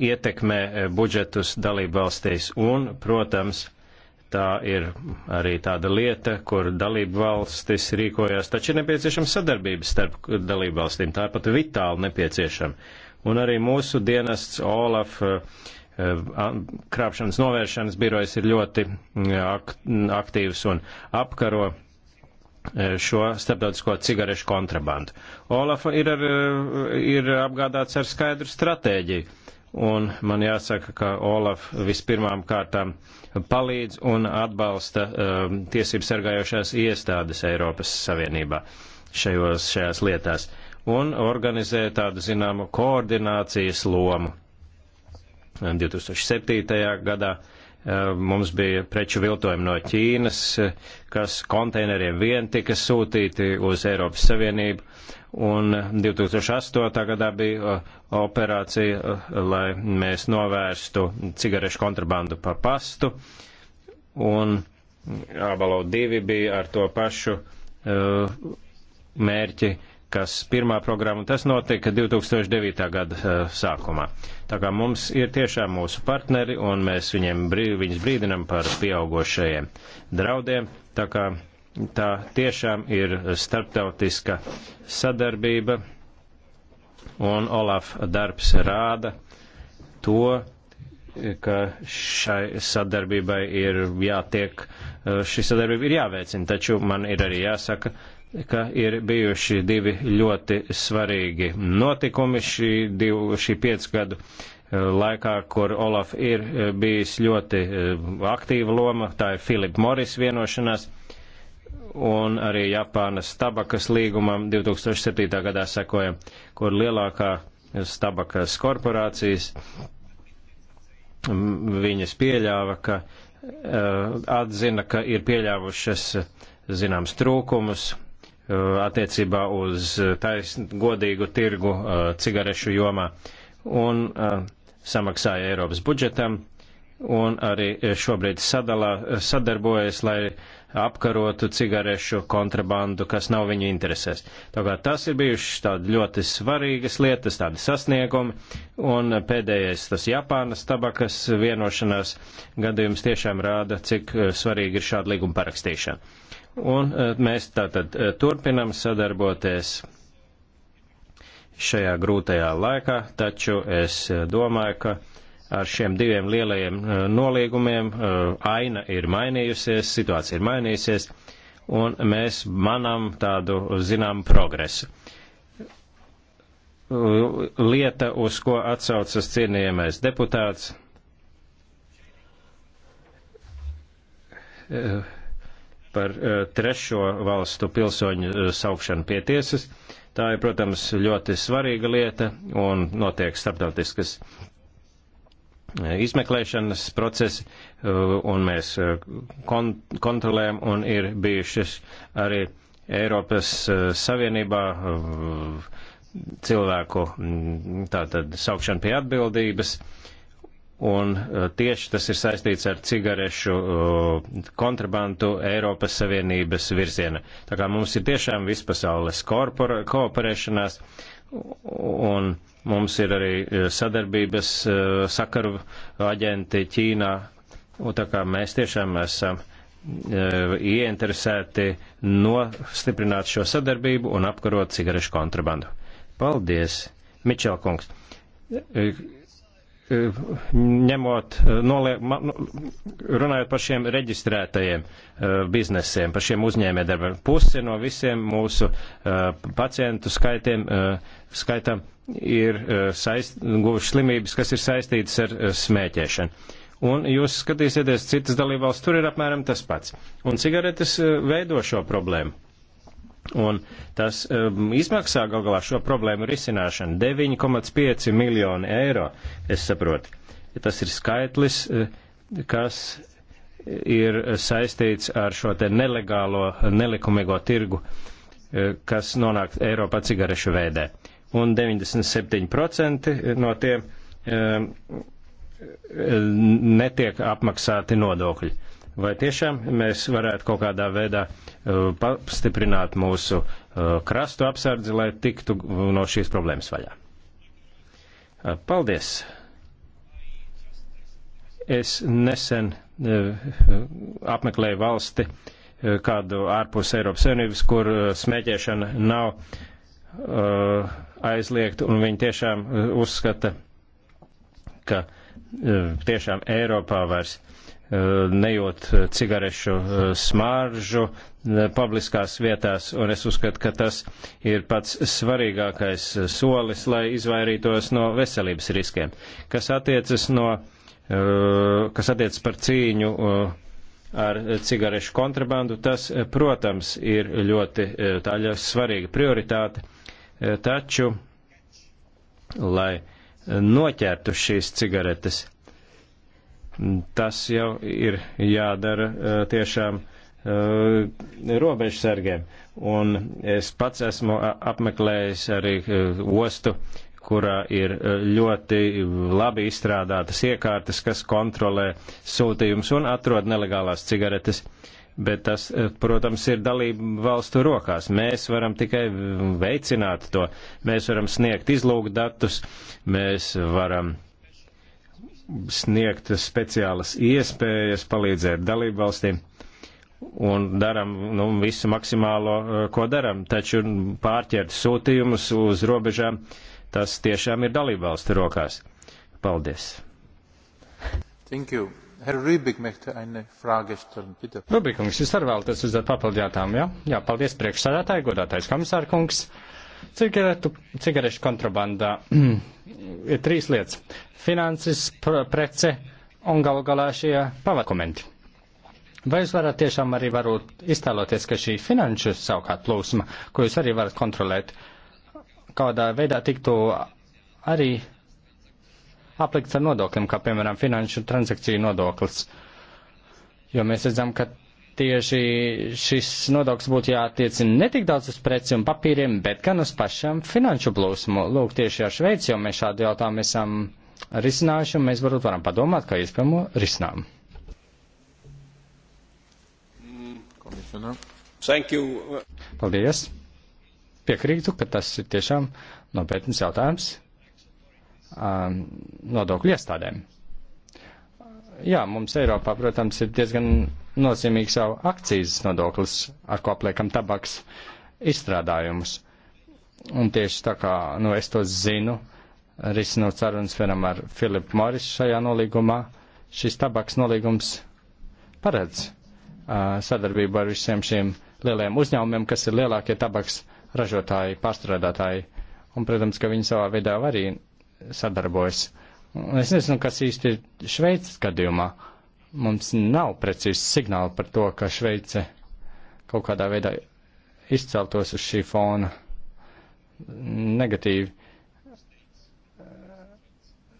ietekmē budžetus dalību valstīs un, protams, tā ir arī tāda lieta, kur dalību valstis rīkojās, taču ir nepieciešama sadarbības starp dalību valstīm, tā ir pat vitāli nepieciešama. Un arī mūsu dienests Olaf uh, Eh, krāpšanas novēršanas birojas ir ļoti mm, aktīvs un apkaro eh, šo starptautisko cigarešu kontrabandu. Olafa ir, ar, eh, ir apgādāts ar skaidru stratēģiju. Un man jāsaka, ka Olaf vispirmām kārtām palīdz un atbalsta um, tiesību sargājošās iestādes Eiropas Savienībā šajos, šajās lietās un organizē tādu zināmu koordinācijas lomu 2007. gadā eh, mums bija preču viltojumi no Ķīnas, eh, kas konteineriem vien tika sūtīti uz Eiropas Savienību, un 2008. gadā bija eh, operācija, lai mēs novērstu cigarešu kontrabandu pa pastu, un Abalo 2 bija ar to pašu mērķi kas pirmā programma, tas notika 2009. gada uh, sākumā. Tā kā mums ir tiešām mūsu partneri un mēs viņiem brīd, viņus brīdinam par pieaugošajiem draudiem, tā kā tā tiešām ir starptautiska sadarbība un Olaf darbs rāda to, ka šai sadarbībai ir jātiek, eh, šī sadarbība ir jāveicina, taču man ir arī jāsaka, uh, ka ir bijuši divi ļoti svarīgi notikumi šī, divu, šī piecu gadu e, laikā, kur Olaf ir e, bijis ļoti e, aktīva loma, tā ir Filipa Moris vienošanās, un arī Japānas tabakas līgumam 2007. gadā sekoja, kur lielākā tabakas korporācijas viņas pieļāva, ka atzina, ka ir pieļāvušas zināms trūkumus Uh, attiecībā uz uh, taisn, godīgu tirgu uh, cigarešu jomā un samaksāja Eiropas budžetam un arī šobrīd sadalā, sadarbojas, lai apkarotu cigarešu kontrabandu, kas nav viņu interesēs. Tāpēc tas ir bijušas tādas ļoti svarīgas lietas, tādi sasniegumi, un pēdējais tas Japānas tabakas vienošanās gadījums tiešām rāda, cik eh, svarīgi ir šāda līguma parakstīšana. Un eh, mēs tātad eh, turpinam sadarboties šajā grūtajā laikā, taču es domāju, ka ar šiem diviem lielajiem eh, noliegumiem eh, aina ir mainījusies, situācija ir mainījusies, un mēs manam tādu zinām progresu. Lieta, uz ko atsaucas cienījamais deputāts, eh, par trešo valstu pilsoņu saukšanu pie tiesas. Tā ir, protams, ļoti svarīga lieta un notiek starptautiskas izmeklēšanas procesi, uh, un mēs uh, kontrolējam, un ir bijušas arī Eiropas uh, Savienībā cilvēku mm, tātad saukšana pie atbildības. Un tieši tas ir saistīts ar cigarešu kontrabandu Eiropas Savienības virziena. Tā kā mums ir tiešām vispasaules kooperēšanās un Mums ir arī e, sadarbības e, sakaru aģenti Ķīnā, un tā kā mēs tiešām esam e, ieinteresēti nostiprināt šo sadarbību un apkarot cigarešu kontrabandu. Paldies, Mičela kungs ņemot, noliek, nu, runājot par šiem reģistrētajiem eh, biznesiem, par šiem uzņēmējdarbiem. Pusi no visiem mūsu eh, pacientu skaitiem, eh, skaitam ir saist, guvuši slimības, kas ir saistītas ar smēķēšanu. Un jūs skatīsieties citas dalībvalsts, tur ir apmēram tas pats. Un cigaretes veido šo problēmu Un tas um, izmaksā gal galā šo problēmu risināšanu 9,5 miljoni eiro, es saprotu. Tas ir skaitlis, eh, kas ir saistīts ar šo te nelegālo, nelikumīgo tirgu, eh, kas nonāk Eiropā cigarešu veidē. Un 97% no tiem um, netiek apmaksāti nodokļi. Vai tiešām mēs varētu kaut kādā veidā uh, pastiprināt mūsu uh, krastu apsardzi, lai tiktu no šīs problēmas vaļā? Uh, paldies! Es nesen apmeklēju valsti, kādu ārpus Eiropas Savienības, kur smēķēšana nav uh, aizliegta, un viņi tiešām uzskata, ka uh, tiešām Eiropā vairs Eh, nejot eh, cigarešu eh, smaržu publiskās vietās, un es uzskatu, ka tas ir pats svarīgākais solis, lai izvairītos no veselības riskiem. Kas attiecas, no, kas attiecas par cīņu ar cigarešu kontrabandu, tas, protams, ir ļoti tāļa svarīga prioritāte, taču, lai noķertu šīs cigaretes, Tas jau ir jādara e, tiešām e, robežsargiem. Un es pats esmu apmeklējis arī e, ostu, kurā ir ļoti labi izstrādātas iekārtas, kas kontrolē sūtījumus un atrod nelegālās cigaretes. Bet tas, protams, ir dalību valstu rokās. Mēs varam tikai veicināt to. Mēs varam sniegt izlūgdatus, mēs varam sniegt speciālas iespējas, palīdzēt dalību valstīm un daram nu, visu maksimālo, eh, ko daram, taču pārķert sūtījumus uz robežām, tas tiešām ir dalību valstu rokās. Paldies! Thank you. Herr Rübig möchte eine Frage stellen, bitte. Rübig, kungs, jūs arī vēlaties uzdot papildu jautājumu, jā? Ja? Jā, paldies priekšsādātāji, godātais komisārkungs. kungs. Cigaretu, cigarešu kontrabandā ir trīs lietas - finanses, prece un galu galā šie pavakumenti. Vai jūs varat tiešām arī varot iztēloties, ka šī finanšu savukārt plūsma, ko jūs arī varat kontrolēt, kādā veidā tiktu arī aplikts ar nodokļiem, kā piemēram finanšu transakciju nodoklis? Jo mēs redzam, ka tieši šis nodoklis būtu jātiecina ne tik daudz uz preci un papīriem, bet gan uz pašam finanšu plūsmu. Lūk, tieši ar Šveici, jo mēs šādu jautājumu esam risinājuši, un mēs varbūt varam padomāt, kā iespējamo risinām. Paldies. Piekrītu, ka tas ir tiešām nopietns jautājums um, nodokļu iestādēm jā, mums Eiropā, protams, ir diezgan nozīmīgs jau akcijas nodoklis, ar ko apliekam tabaks izstrādājumus. Un tieši tā kā, nu, es to zinu, risinot sarunas vienam ar Filipu Morisu šajā nolīgumā, šis tabaks nolīgums paredz uh, sadarbību ar visiem šiem lieliem uzņēmumiem, kas ir lielākie tabaks ražotāji, pārstrādātāji. Un, protams, ka viņi savā veidā arī sadarbojas. Uh, Un es nezinu, kas īsti ir Šveices gadījumā. Mums nav precīzi signāli par to, ka Šveice kaut kādā veidā izceltos uz šī fona negatīvi.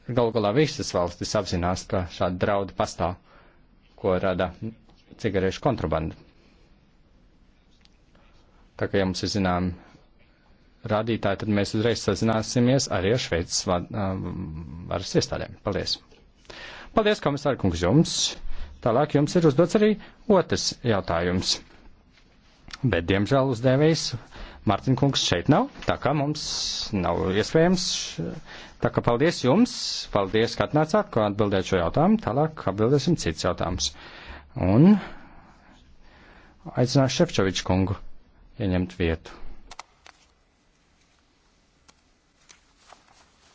Galu galā visas valstis apzinās, ka šāda drauda pastāv, ko rada cigarešu kontrabanda. Tā kā ja mums ir zinām rādītāji, tad mēs uzreiz sazināsimies arī ar Šveices varas iestādēm. Paldies! Paldies, komisāra kungs, jums! Tālāk jums ir uzdots arī otrs jautājums. Bet, diemžēl, uzdevējs Mārtiņa kungs šeit nav, tā kā mums nav iespējams. Tā kā paldies jums, paldies, ka atnācāt, ko atbildēt šo jautājumu, tālāk atbildēsim cits jautājums. Un aicināšu Šefčoviču kungu ieņemt vietu.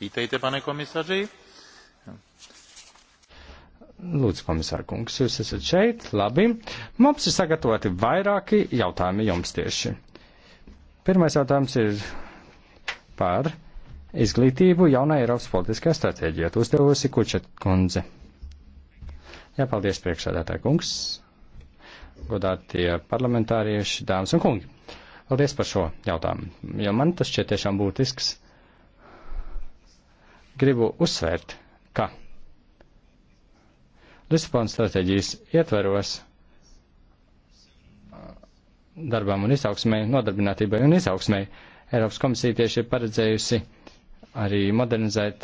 Vítejte, pane komisaři. Lūdzu, komisāra kungs, jūs esat šeit, labi. Mums ir sagatavoti vairāki jautājumi jums tieši. Pirmais jautājums ir par izglītību jaunā Eiropas politiskajā stratēģijā. Tu uzdevusi Kučet kundze. Jā, paldies priekšsādātāji kungs, godātie parlamentārieši, dāmas un kungi. Paldies par šo jautājumu, jo man tas šķiet tiešām būtisks gribu uzsvērt, ka Lisabonas stratēģijas ietveros uh, darbam un izaugsmē, nodarbinātībai un izaugsmē, Eiropas komisija tieši ir paredzējusi arī modernizēt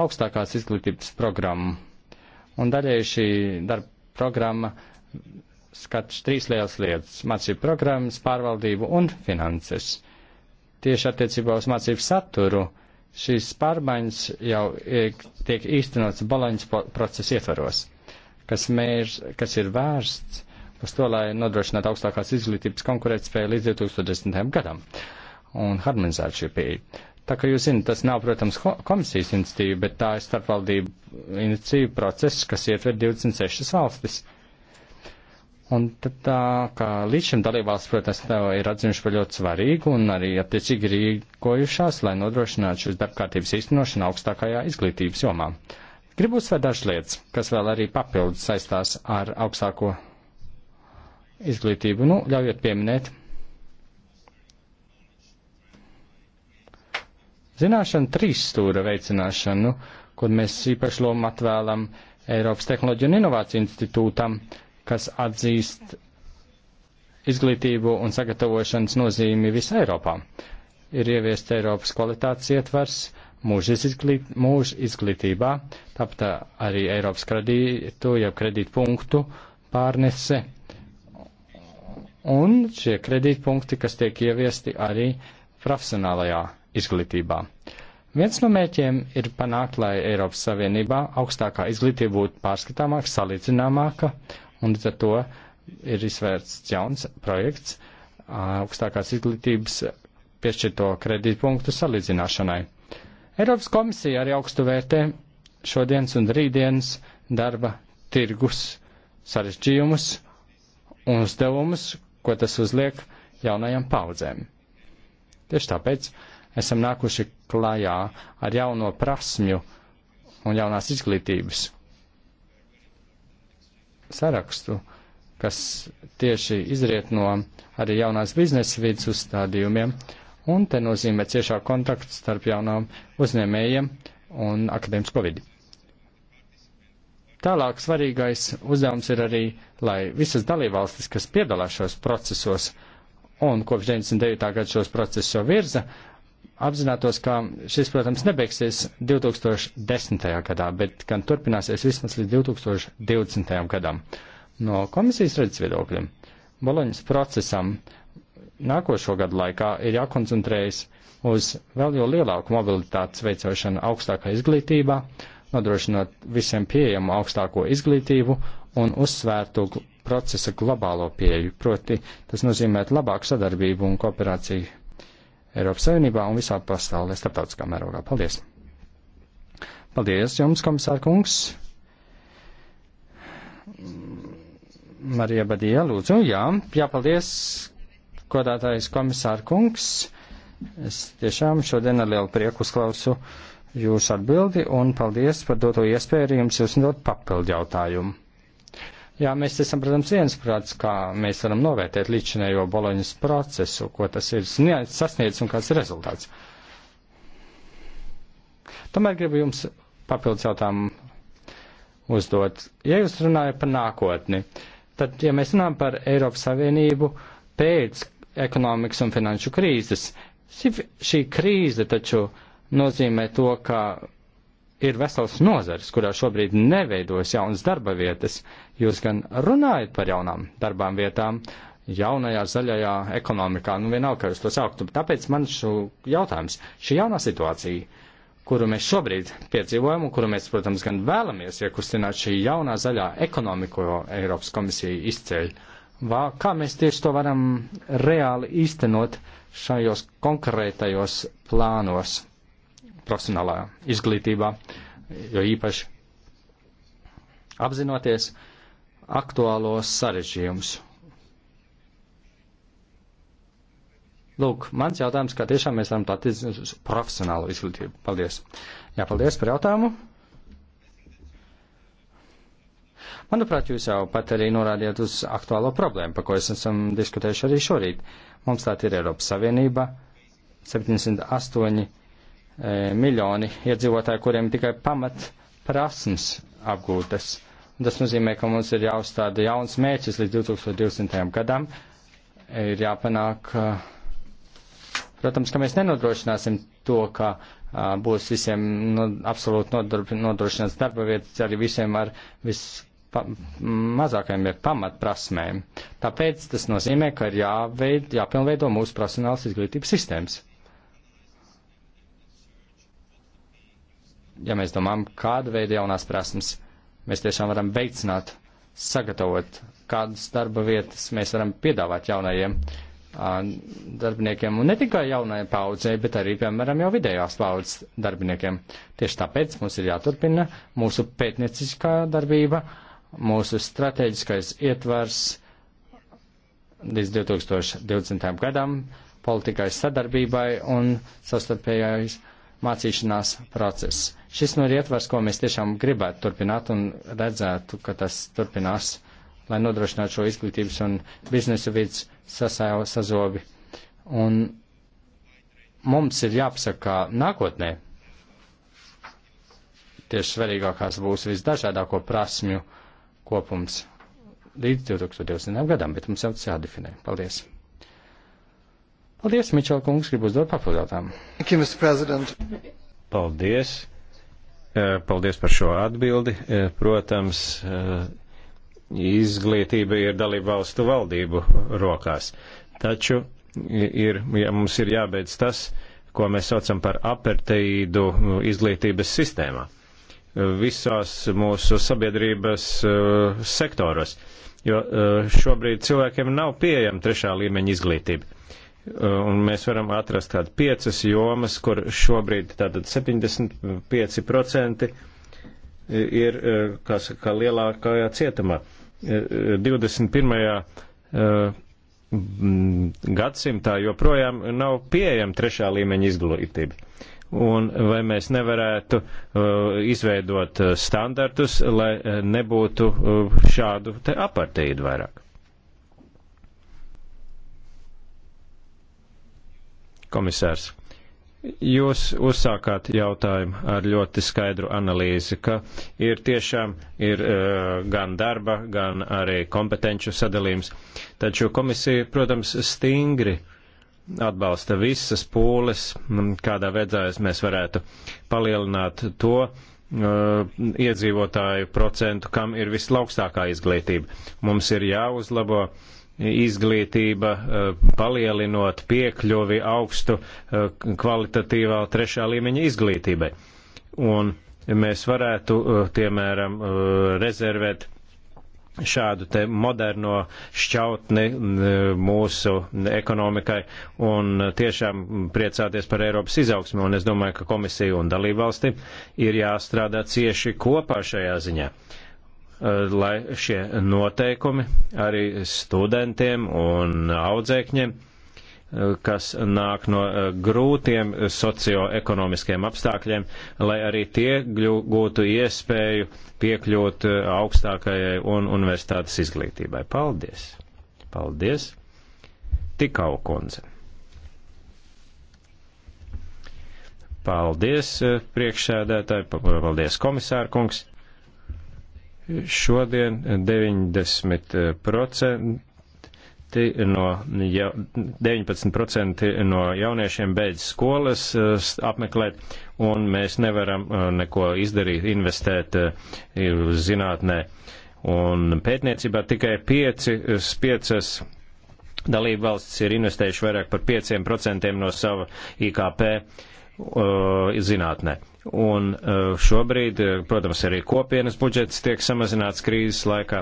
augstākās izglītības programmu. Un daļēji šī darba programma skats trīs lielas lietas - mācību programmas, pārvaldību un finanses. Tieši attiecībā uz mācību saturu šīs pārmaiņas jau e, tiek īstenots balaņas procesa ietvaros, kas, mērs, kas ir vērsts uz to, lai nodrošinātu augstākās izglītības konkurētspēju līdz 2010. gadam un harmonizētu šī pieeja. Tā kā jūs zināt, tas nav, protams, komisijas iniciatīva, bet tā ir starpvaldību iniciatīva process, kas ietver 26 valstis. Uh, Un tā kā līdz šim dalībās, protams, ir atzinuši par ļoti svarīgu un arī attiecīgi rīkojušās, lai nodrošinātu šīs darbkārtības īstenošanu augstākajā izglītības jomā. Gribu uzsvērt dažas lietas, kas vēl arī papildus saistās ar augstāko izglītību. Nu, ļaujiet pieminēt. Zināšana trīs stūra veicināšanu, kur mēs īpaši lomu atvēlam Eiropas Tehnoloģiju un Inovāciju institūtam kas atzīst izglītību un sagatavošanas nozīmi visā Eiropā. Ir ieviest Eiropas kvalitātes ietvers mūža izglīt, mūž izglītībā, tāpat arī Eiropas kredītu, jau kredītu punktu pārnese. Un šie kredītpunkti, kas tiek ieviesti arī profesionālajā izglītībā. Viens no mēķiem ir panākt, lai Eiropas Savienībā augstākā izglītība būtu pārskatāmāka, salīdzināmāka Un līdz ar to ir izvērsts jauns projekts augstākās izglītības piešķirto kredītpunktu salīdzināšanai. Eiropas komisija arī augstu vērtē šodienas un rītdienas darba tirgus sarežģījumus un uzdevumus, ko tas uzliek jaunajām paudzēm. Tieši tāpēc esam nākuši klajā ar jauno prasmju un jaunās izglītības sarakstu, kas tieši izriet no arī jaunās biznesa vidas uzstādījumiem, un te nozīmē ciešā kontakta starp jaunām uzņēmējiem un akadēmisko vidi. Tālāk svarīgais uzdevums ir arī, lai visas dalībvalstis, kas piedalās šos procesos, un kopš 99. gada šos procesus jau virza, apzinātos, ka šis, protams, nebeigsies 2010. gadā, bet gan turpināsies vismaz līdz 2020. gadam. No komisijas redzes viedokļa Boloņas procesam nākošo gadu laikā ir jākoncentrējas uz vēl jau lielāku mobilitātes veicošanu augstākā izglītībā, nodrošinot visiem pieejamu augstāko izglītību un uzsvērtu procesa globālo pieeju, proti tas nozīmē labāku sadarbību un kooperāciju Eiropas Savienībā un visā pasaulē starptautiskā mērogā. Paldies! Paldies jums, komisār kungs! Marija Badija, lūdzu, jā, jāpaldies, godātais komisār kungs. Es tiešām šodien ar lielu prieku uzklausu jūsu atbildi un paldies par doto iespēju arī jums uzdot papildu jautājumu. Jā, mēs esam, protams, viensprāts, kā mēs varam novērtēt līdzinējo boloņas procesu, ko tas ir sasniedzis un kāds ir rezultāts. Tomēr gribu jums papildus jautājumu uzdot. Ja jūs runājat par nākotni, tad, ja mēs runājam par Eiropas Savienību pēc ekonomikas un finanšu krīzes, šī krīze taču nozīmē to, ka ir vesels nozars, kurā šobrīd neveidos jaunas darba vietas. Jūs gan runājat par jaunām darbām vietām, jaunajā zaļajā ekonomikā, nu vienalga, kā jūs to sauktu. Tāpēc man šo jautājums, šī jaunā situācija, kuru mēs šobrīd piedzīvojam un kuru mēs, protams, gan vēlamies iekustināt šī jaunā zaļā ekonomika, ko Eiropas komisija izceļ, vā, kā mēs tieši to varam reāli īstenot šajos konkrētajos plānos profesionālā izglītībā, jo īpaši apzinoties aktuālos sarežģījumus. Lūk, mans jautājums, kā tiešām mēs varam attīstīt uz profesionālu izglītību. Paldies. Jā, paldies par jautājumu. Manuprāt, jūs jau pat arī norādījāt uz aktuālo problēmu, par ko es esam diskutējuši arī šorīt. Mums tā ir Eiropas Savienība, 78 E, miljoni iedzīvotāji, kuriem tikai pamat prasmes apgūtas. Tas nozīmē, ka mums ir jāuzstāda jauns mērķis līdz 2020. gadam. Ir jāpanāk, protams, ka mēs nenodrošināsim to, ka būs visiem no, absolūti nodrošināts darba vietas arī visiem ar vis pa, mazākajiem ir pamatprasmēm. Tāpēc tas nozīmē, ka ir jāveid, jāpilnveido mūsu profesionāls izglītības sistēmas. ja mēs domājam, kāda veida jaunās prasmes mēs tiešām varam veicināt, sagatavot, kādas darba vietas mēs varam piedāvāt jaunajiem darbiniekiem, un ne tikai jaunajai paudzei, bet arī, piemēram, jau vidējās paudzes darbiniekiem. Tieši tāpēc mums ir jāturpina mūsu pētnieciskā darbība, mūsu strateģiskais ietvars līdz 2020. gadam, politikai sadarbībai un sastarpējais mācīšanās process. Šis nu ir ietvars, ko mēs tiešām gribētu turpināt un redzētu, ka tas turpinās, lai nodrošinātu šo izglītības un biznesa vidas sasāju sazobi. Un mums ir jāpasaka, ka nākotnē tieši svarīgākās būs visdažādāko prasmju kopums līdz 2020. gadam, bet mums jau tas jādefinē. Paldies! Paldies, Mičela kungs, gribu uzdot papildotām. Paldies. Eh, paldies par šo atbildi. Eh, protams, eh, izglītība ir dalība valstu valdību rokās. Taču ir, ja mums ir jābeidz tas, ko mēs saucam par aperteidu izglītības sistēmā visās mūsu sabiedrības sektoros, jo šobrīd cilvēkiem nav pieejama trešā līmeņa izglītība. Uh, un mēs varam atrast tādu piecas jomas, kur šobrīd tātad 75% ir, uh, kā saka, lielākajā cietumā. 21. Uh, gadsimtā joprojām nav pieejama trešā līmeņa izglītība. Un vai mēs nevarētu uh, izveidot standartus, lai nebūtu uh, šādu te apartīdu vairāk? komisārs. Jūs uzsākāt jautājumu ar ļoti skaidru analīzi, ka ir tiešām ir uh, gan darba, gan arī kompetenču sadalījums. Taču komisija, protams, stingri atbalsta visas pūles, kādā veidā mēs varētu palielināt to uh, iedzīvotāju procentu, kam ir vislaukstākā izglītība. Mums ir jāuzlabo uh, izglītība, eh, palielinot piekļuvi augstu eh, kvalitatīvā trešā līmeņa izglītībai. Un mēs varētu, eh, piemēram, rezervēt šādu te moderno šķautni mūsu ekonomikai un tiešām priecāties par Eiropas izaugsmu. Un es domāju, ka komisija un dalībvalsti ir jāstrādā cieši kopā šajā ziņā. Eh, lai šie noteikumi arī studentiem un audzēkņiem eh, kas nāk no eh, grūtiem socioekonomiskiem apstākļiem, lai arī tie gūtu iespēju piekļūt augstākajai un universitātes izglītībai. Paldies! Paldies! Tikau kundze! Paldies, priekšsēdētāji, paldies, komisārkungs! Šodien 90% no, ja, 19% no jauniešiem beidz skolas eh, apmeklēt, un mēs nevaram eh, neko izdarīt, investēt eh, zinātnē. Un pētniecībā tikai 5, 5 dalību valsts ir investējuši vairāk par 5% no sava IKP zinātnē. Un eh, šobrīd, eh, protams, arī kopienas budžets tiek samazināts krīzes laikā,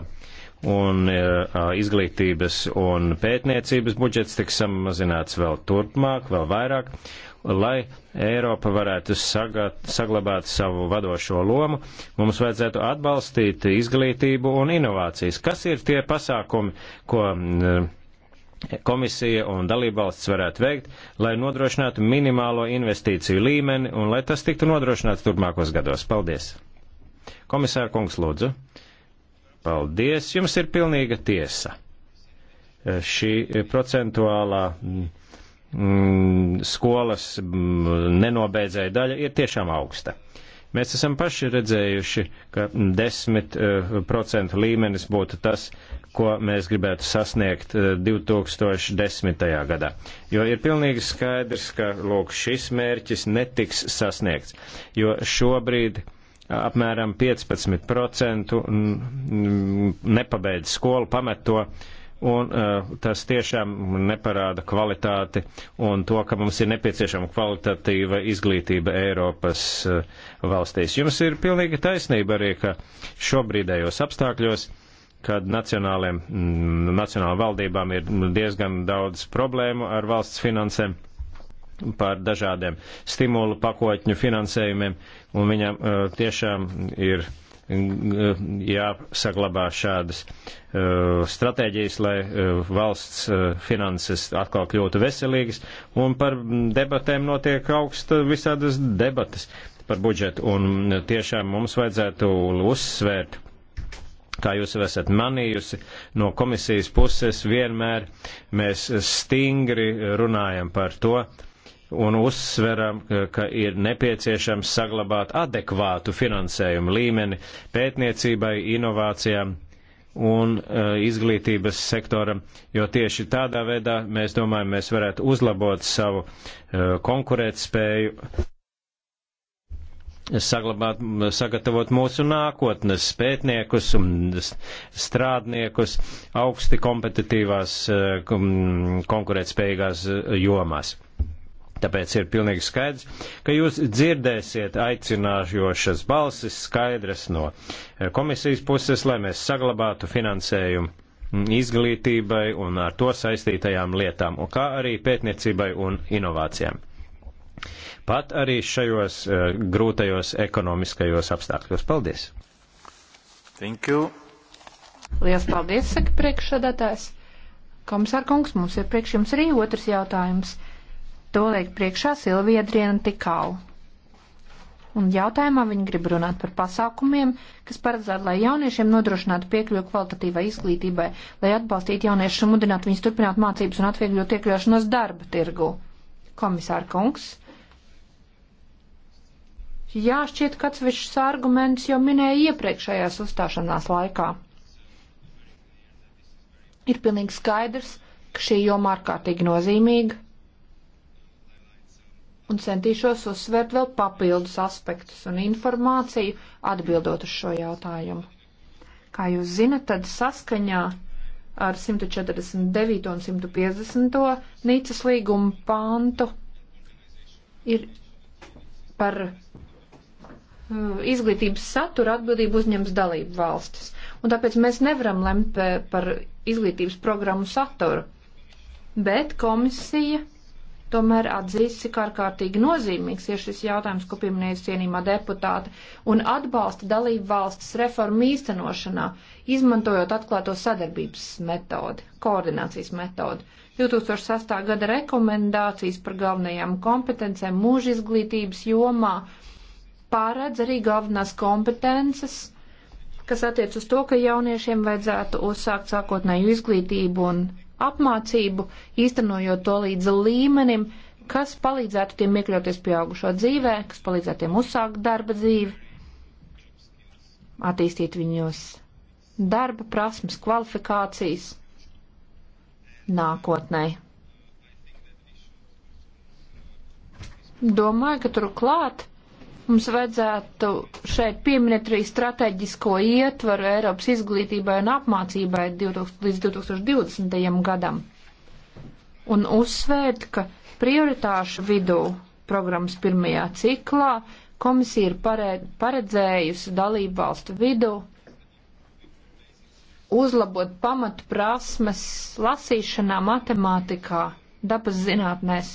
un eh, izglītības un pētniecības budžets tiks samazināts vēl turpmāk, vēl vairāk, lai Eiropa varētu sagat, saglabāt savu vadošo lomu, mums vajadzētu atbalstīt izglītību un inovācijas. Kas ir tie pasākumi, ko mm, komisija un dalībvalsts varētu veikt, lai nodrošinātu minimālo investīciju līmeni un lai tas tiktu nodrošināts turpmākos gados. Paldies! Komisāra kungs lūdzu. Paldies, jums ir pilnīga tiesa. Šī procentuālā mm, mm skolas mm, nenobeidzēja daļa ir tiešām augsta. Uh, Mēs esam paši redzējuši, ka 10% eh, līmenis būtu tas, ko mēs gribētu sasniegt 2010. Eh, gadā. Jo ir pilnīgi skaidrs, ka lūk, šis mērķis netiks sasniegts, jo šobrīd apmēram 15% nepabeidz skolu, pamet to un uh, tas tiešām neparāda kvalitāti un to, ka mums ir nepieciešama kvalitatīva izglītība Eiropas uh, valstīs. Jums ir pilnīga taisnība arī, ka šobrīdējos apstākļos, kad nacionāliem, nacionālām valdībām ir diezgan daudz problēmu ar valsts finansēm par dažādiem stimulu pakotņu finansējumiem, un viņam uh, tiešām ir uh, jāsaglabā šādas e, stratēģijas, lai e, valsts e, finanses atkal kļūtu veselīgas, un par debatēm notiek augsta visādas debatas par budžetu, un tiešām mums vajadzētu uzsvērt kā jūs jau esat manījusi, no komisijas puses vienmēr mēs stingri runājam par to, un uzsveram, ka ir nepieciešams saglabāt adekvātu finansējumu līmeni pētniecībai, inovācijām un eh, izglītības sektoram, jo tieši tādā veidā mēs domājam, mēs varētu uzlabot savu eh, konkurētspēju, saglabāt, sagatavot mūsu nākotnes pētniekus un strādniekus augsti kompetitīvās eh, konkurētspējīgās jomās. Tāpēc ir pilnīgi skaidrs, ka jūs dzirdēsiet aicinājošas balsis skaidras no e, komisijas puses, lai mēs saglabātu finansējumu izglītībai un ar to saistītajām lietām, un kā arī pētniecībai un inovācijām. Pat arī šajos uh, grūtajos ekonomiskajos apstākļos. Paldies! Thank you! Lielas paldies, saka priekšsādātājs. Komisār kungs, mums ir priekš jums arī otrs jautājums To liek priekšā Silvija Driena Tikau. Un jautājumā viņi grib runāt par pasākumiem, kas paredzētu, lai jauniešiem nodrošinātu piekļuvi kvalitatīvai izglītībai, lai atbalstītu jauniešus un mudinātu viņus turpināt mācības un atvieglot iekļaušanos darba tirgu. Komisāra kungs. Jā, šķiet, ka atsevišķus argumentus jau minēja iepriekšējās uzstāšanās laikā. Ir pilnīgi skaidrs, ka šī joma ārkārtīgi nozīmīga, un centīšos uzsvērt vēl papildus aspektus un informāciju atbildot uz šo jautājumu. Kā jūs zinat, tad saskaņā ar 149 un 150 Nīcas līgumu pāntu ir par uh, izglītības satura atbildību uzņems dalību valstis. Un tāpēc mēs nevaram lemt par izglītības programmu saturu. Bet komisija tomēr atzīst, cik ārkārtīgi nozīmīgs ir šis jautājums, ko pieminējas cienījumā deputāte, un atbalsta dalību valstis reformu īstenošanā, izmantojot atklāto sadarbības metodi, koordinācijas metodi. 2008. gada rekomendācijas par galvenajām kompetencēm mūža izglītības jomā pārēdz arī galvenās kompetences, kas attiec uz to, ka jauniešiem vajadzētu uzsākt sākotnēju izglītību un apmācību, īstenojot to līdz līmenim, kas palīdzētu tiem iekļauties pieaugušo dzīvē, kas palīdzētu tiem uzsākt darba dzīvi, attīstīt viņos darba prasmes, kvalifikācijas nākotnē. Domāju, ka turklāt Mums vajadzētu šeit pieminēt arī strateģisko ietvaru Eiropas izglītībai un apmācībai 2000, līdz 2020. gadam. Un uzsvērt, ka prioritāšu vidū programmas pirmajā ciklā komisija ir paredzējusi dalību valstu vidū uzlabot pamatu prasmes lasīšanā, matemātikā, dabas zinātnēs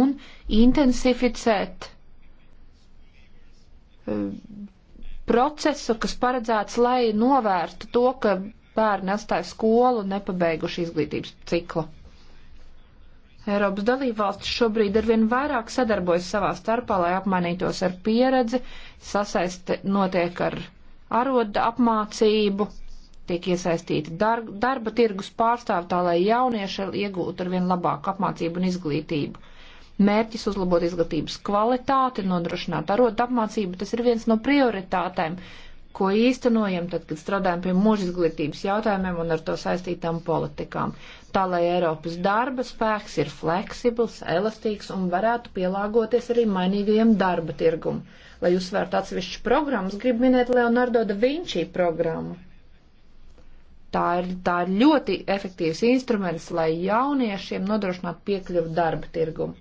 un intensificēt procesu, kas paredzēts, lai novērstu to, ka bērni atstāja skolu nepabeiguši izglītības ciklu. Eiropas dalībvalstis šobrīd arvien vairāk sadarbojas savā starpā, lai apmainītos ar pieredzi, sasaiste notiek ar aroda apmācību, tiek iesaistīti dar darba tirgus pārstāv tā, lai jaunieši iegūtu arvien labāku apmācību un izglītību. Mērķis uzlabot izglītības kvalitāti, nodrošināt arotu apmācību, tas ir viens no prioritātēm, ko īstenojam, tad, kad strādājam pie mūža izglītības jautājumiem un ar to saistītām politikām. Tā, lai Eiropas darba spēks ir fleksibls, elastīgs un varētu pielāgoties arī mainīgajiem darba tirgumu. Lai uzsvērtu atsevišķu programmas, grib minēt Leonardo da Vinci programmu. Tā ir, tā ir ļoti efektīvs instruments, lai jauniešiem nodrošinātu piekļuvu darba tirgumu.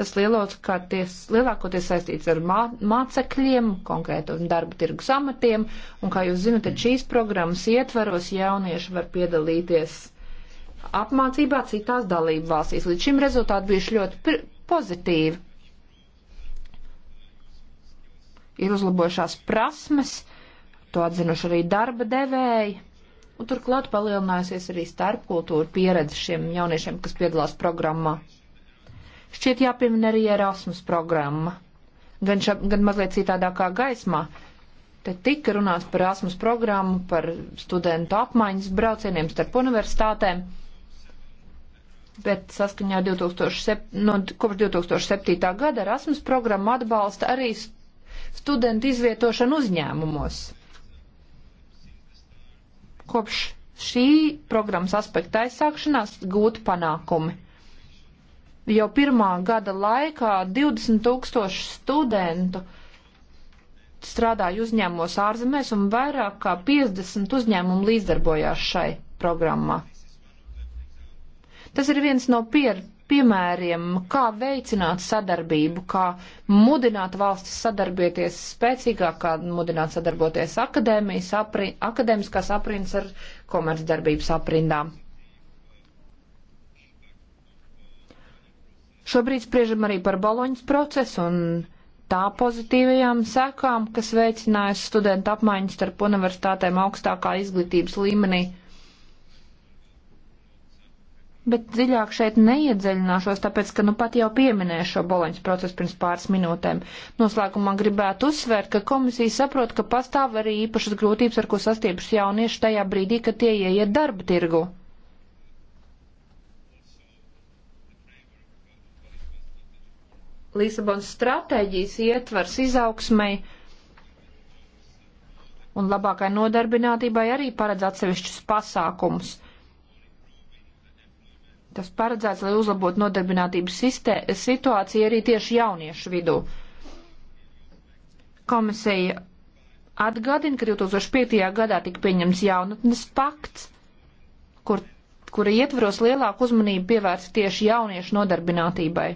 Tas lielākoties, lielākoties saistīts ar mā, mācekļiem, konkrēto darba tirgus amatiem, un, kā jūs zinat, šīs programmas ietvaros jaunieši var piedalīties apmācībā citās dalību valstīs. Līdz šim rezultāti bijuši ļoti pozitīvi. Ir uzlabojušās prasmes, to atzinuši arī darba devēji, un turklāt palielinājusies arī starpkultūra pieredze šiem jauniešiem, kas piedalās programmā. Šķiet jāpiemina arī Erasmus programma. Gan, šab, gan mazliet citādākā gaismā. Te tika runāts par Erasmus programmu, par studentu apmaiņas braucieniem starp universitātēm. Bet saskaņā 2007, no, kopš 2007. gada Erasmus programma atbalsta arī studentu izvietošanu uzņēmumos. Kopš šī programmas aspekta aizsākšanās gūti panākumi jau pirmā gada laikā 20 tūkstoši studentu strādāja uzņēmumos ārzemēs un vairāk kā 50 uzņēmumu līdzdarbojās šai programmā. Tas ir viens no pier, piemēriem, kā veicināt sadarbību, kā mudināt valstis sadarbieties spēcīgāk, kā mudināt sadarboties akadēmijas, apri, akadēmiskās aprindas ar komercdarbības aprindām. Šobrīd spriežam arī par baloņas procesu un tā pozitīvajām sekām, kas veicinājas studentu apmaiņas starp universitātēm augstākā izglītības līmenī. Bet dziļāk šeit neiedziļināšos, tāpēc, ka nu pat jau pieminēju šo boloņas procesu pirms pāris minūtēm. Noslēgumā gribētu uzsvērt, ka komisija saprot, ka pastāv arī īpašas grūtības, ar ko sastiepušas jaunieši tajā brīdī, kad tie ieiet darba tirgu. Līsabonas stratēģijas ietvars izaugsmai un labākai nodarbinātībai arī paredz atsevišķus pasākumus. Tas paredzēts, lai uzlabotu nodarbinātības situāciju arī tieši jauniešu vidū. Komisija atgādina, ka 2005. gadā tika pieņems jaunatnes pakts, kur, kura ietveros lielāku uzmanību pievērsta tieši jauniešu nodarbinātībai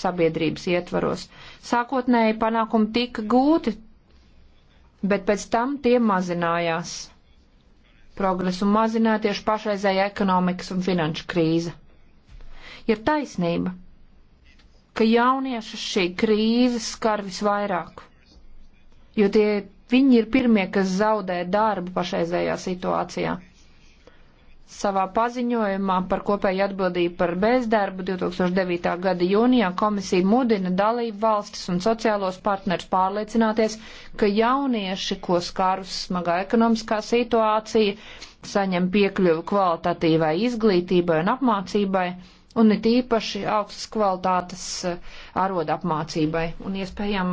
sabiedrības ietvaros. Sākotnēji panākumi tika gūti, bet pēc tam tie mazinājās. Progresu mazināja tieši pašreizēja ekonomikas un finanšu krīze. Ir taisnība, ka jaunieši šī krīze skar visvairāk, jo tie viņi ir pirmie, kas zaudē darbu pašreizējā situācijā. Savā paziņojumā par kopēju atbildību par bezdarbu 2009. gada jūnijā komisija mudina dalību valstis un sociālos partners pārliecināties, ka jaunieši, ko skārus smagā ekonomiskā situācija, saņem piekļuvu kvalitatīvai izglītībai un apmācībai, un it īpaši augstas kvalitātes eh, aroda apmācībai un iespējām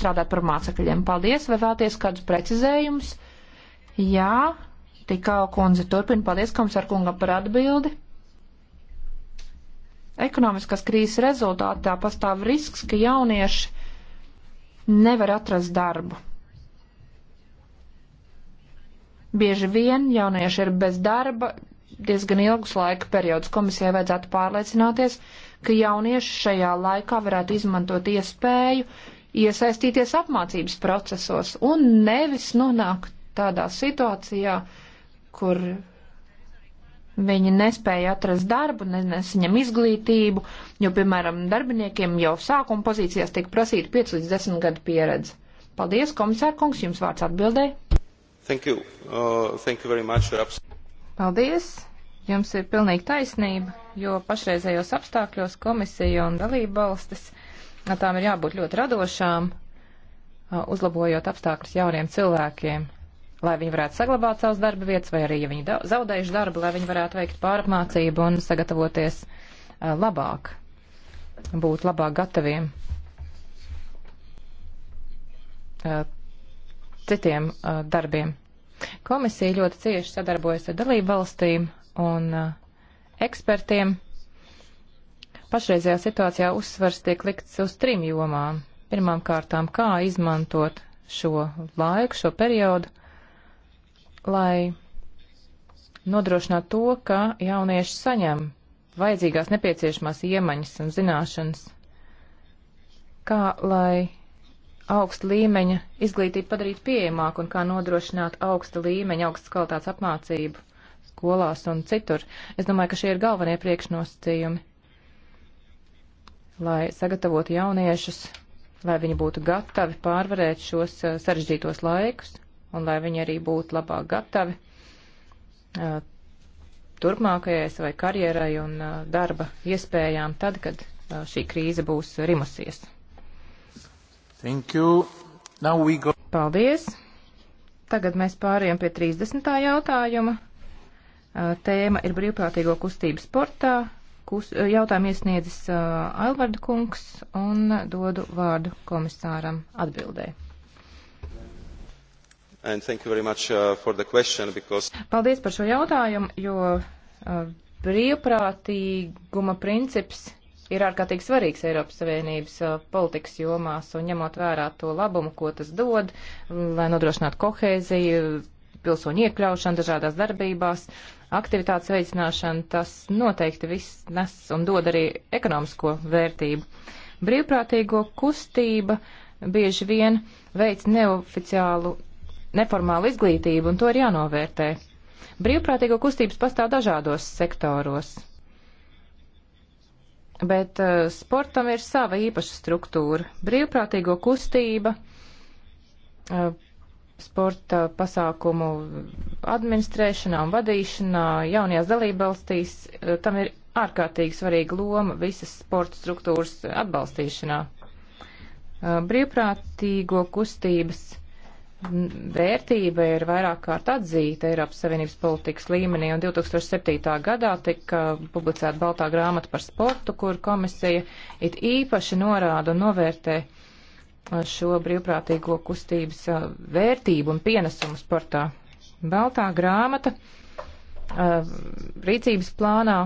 strādāt par mācekļiem. Paldies, vai vēlties kādus precizējumus? Jā, Tikā kundze turpina. Paldies komisārkungam par atbildi. Ekonomiskās krīzes rezultātā pastāv risks, ka jaunieši nevar atrast darbu. Bieži vien jaunieši ir bez darba diezgan ilgus laika periodus. Komisijai vajadzētu pārliecināties, ka jaunieši šajā laikā varētu izmantot iespēju iesaistīties apmācības procesos un nevis nonākt tādā situācijā, uh, kur viņi nespēja atrast darbu, nesaņem izglītību, jo, piemēram, darbiniekiem jau sākuma pozīcijās tiek prasīta 5 līdz 10 gadu pieredze. Paldies, komisārkungs, jums vārds atbildēja. Thank you. Uh, thank you very much. Paldies. Jums ir pilnīgi taisnība, jo pašreizējos apstākļos komisija un dalība valstis, tām ir jābūt ļoti radošām, uh, uzlabojot apstākļus jauniem cilvēkiem lai viņi varētu saglabāt savus darba vietas, vai arī, ja viņi zaudējuši darbu, lai viņi varētu veikt pārapmācību un sagatavoties uh, labāk, būt labāk gataviem uh, citiem uh, darbiem. Komisija ļoti cieši sadarbojas ar dalību valstīm un ekspertiem. Pašreizajā situācijā uzsvars tiek likts uz trim jomām. Pirmām kārtām, kā izmantot šo laiku, šo periodu, lai nodrošinātu to, ka jaunieši saņem vajadzīgās nepieciešamās iemaņas un zināšanas, kā lai augsta līmeņa izglītību padarīt pieejamāku un kā nodrošināt augsta līmeņa, augstas kvalitātes apmācību skolās un citur. Es domāju, ka šie ir galvenie priekšnosacījumi, lai sagatavotu jauniešus, lai viņi būtu gatavi pārvarēt šos eh, sarežģītos laikus un lai viņi arī būtu labāk gatavi uh, turpmākajai savai karjerai un uh, darba iespējām tad, kad uh, šī krīze būs rimusies. Thank you. Now we go. Paldies. Tagad mēs pāriem pie 30. jautājuma. Tēma ir brīvprātīgo kustību sportā. Kus, jautājumu iesniedzis Alvarda kungs un dodu vārdu komisāram atbildē. Uh, because... Paldies par šo jautājumu, jo uh, brīvprātīguma princips ir ārkārtīgi svarīgs Eiropas Savienības uh, politikas jomās un ņemot vērā to labumu, ko tas dod, lai nodrošinātu kohēziju, pilsoņu iekļaušanu dažādās darbībās, aktivitātes veicināšanu, tas noteikti viss nes un dod arī ekonomisko vērtību. Brīvprātīgo kustība bieži vien veic neoficiālu neformālu izglītību, un to ir jānovērtē. Brīvprātīgo kustības pastāv dažādos sektoros, bet uh, sportam ir sava īpaša struktūra. Brīvprātīgo kustība, uh, sporta pasākumu administrēšanā un vadīšanā jaunajās dalībvalstīs, uh, tam ir ārkārtīgi svarīga loma visas sporta struktūras atbalstīšanā. Uh, brīvprātīgo kustības vērtība ir vairāk kārt atzīta Eiropas Savienības politikas līmenī, un 2007. gadā tika publicēta Baltā grāmata par sportu, kur komisija it īpaši norāda un novērtē uh, šo brīvprātīgo kustības uh, vērtību un pienesumu sportā. Baltā grāmata uh, rīcības plānā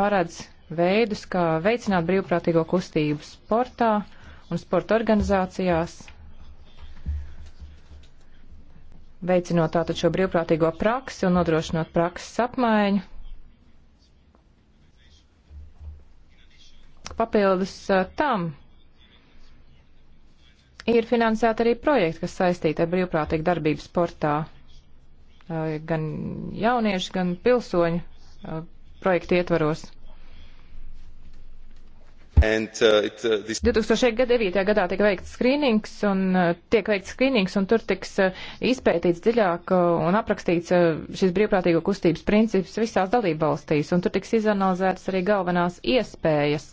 paredz veidus, kā veicināt brīvprātīgo kustību sportā un sporta organizācijās, veicinot tātad šo brīvprātīgo praksi un nodrošinot prakses apmaiņu. Papildus tam ir finansēta arī projekta, kas saistīta ar brīvprātīgu darbību sportā. Gan jauniešu, gan pilsoņu projektu ietvaros. And, uh, it, uh, this... 2009. gadā tika veikts skrīnings un uh, tiek veikts skrīnings un tur tiks uh, izpētīts dziļāk uh, un aprakstīts uh, šis brīvprātīgo kustības princips visās dalībvalstīs un tur tiks izanalizētas arī galvenās iespējas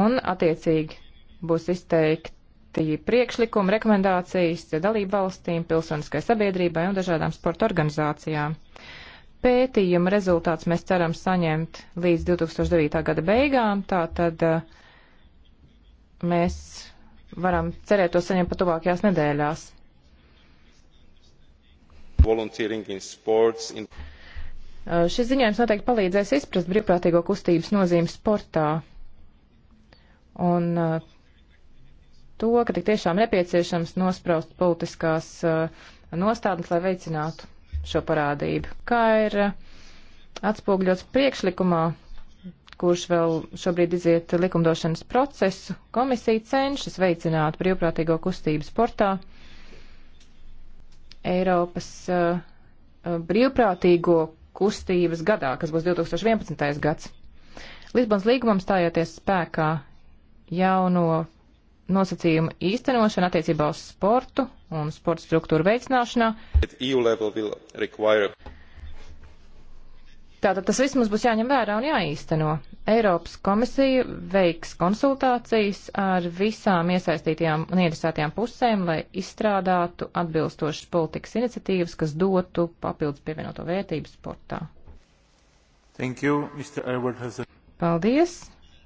un attiecīgi būs izteikti priekšlikumi, rekomendācijas dalībvalstīm, pilsoniskai sabiedrībai un dažādām sporta organizācijām. Uh, pētījuma rezultāts mēs ceram saņemt līdz 2009. gada beigām, tā tad uh, mēs varam cerēt to saņemt pat tuvākajās nedēļās. In... Uh, šis ziņojums noteikti palīdzēs izprast brīvprātīgo kustības nozīmi sportā un uh, to, ka tik tiešām nepieciešams nospraust politiskās nostādnes, lai veicinātu šo parādību, kā ir eh, atspūgļots priekšlikumā, kurš vēl šobrīd iziet likumdošanas procesu, komisija cenšas veicināt brīvprātīgo kustību sportā. Eiropas uh, brīvprātīgo kustības gadā, kas būs 2011. gads. Lisbons līgumam stājoties spēkā jauno nosacījumu īstenošana attiecībā uz sportu un sporta struktūru veicināšanā. E Tātad tas viss mums būs jāņem vērā un jāīsteno. Eiropas komisija veiks konsultācijas ar visām iesaistītajām un iedisētajām pusēm, lai izstrādātu atbilstošas politikas iniciatīvas, kas dotu papildus pievienoto vērtību sportā. Thank you, Mr. Elward. Paldies.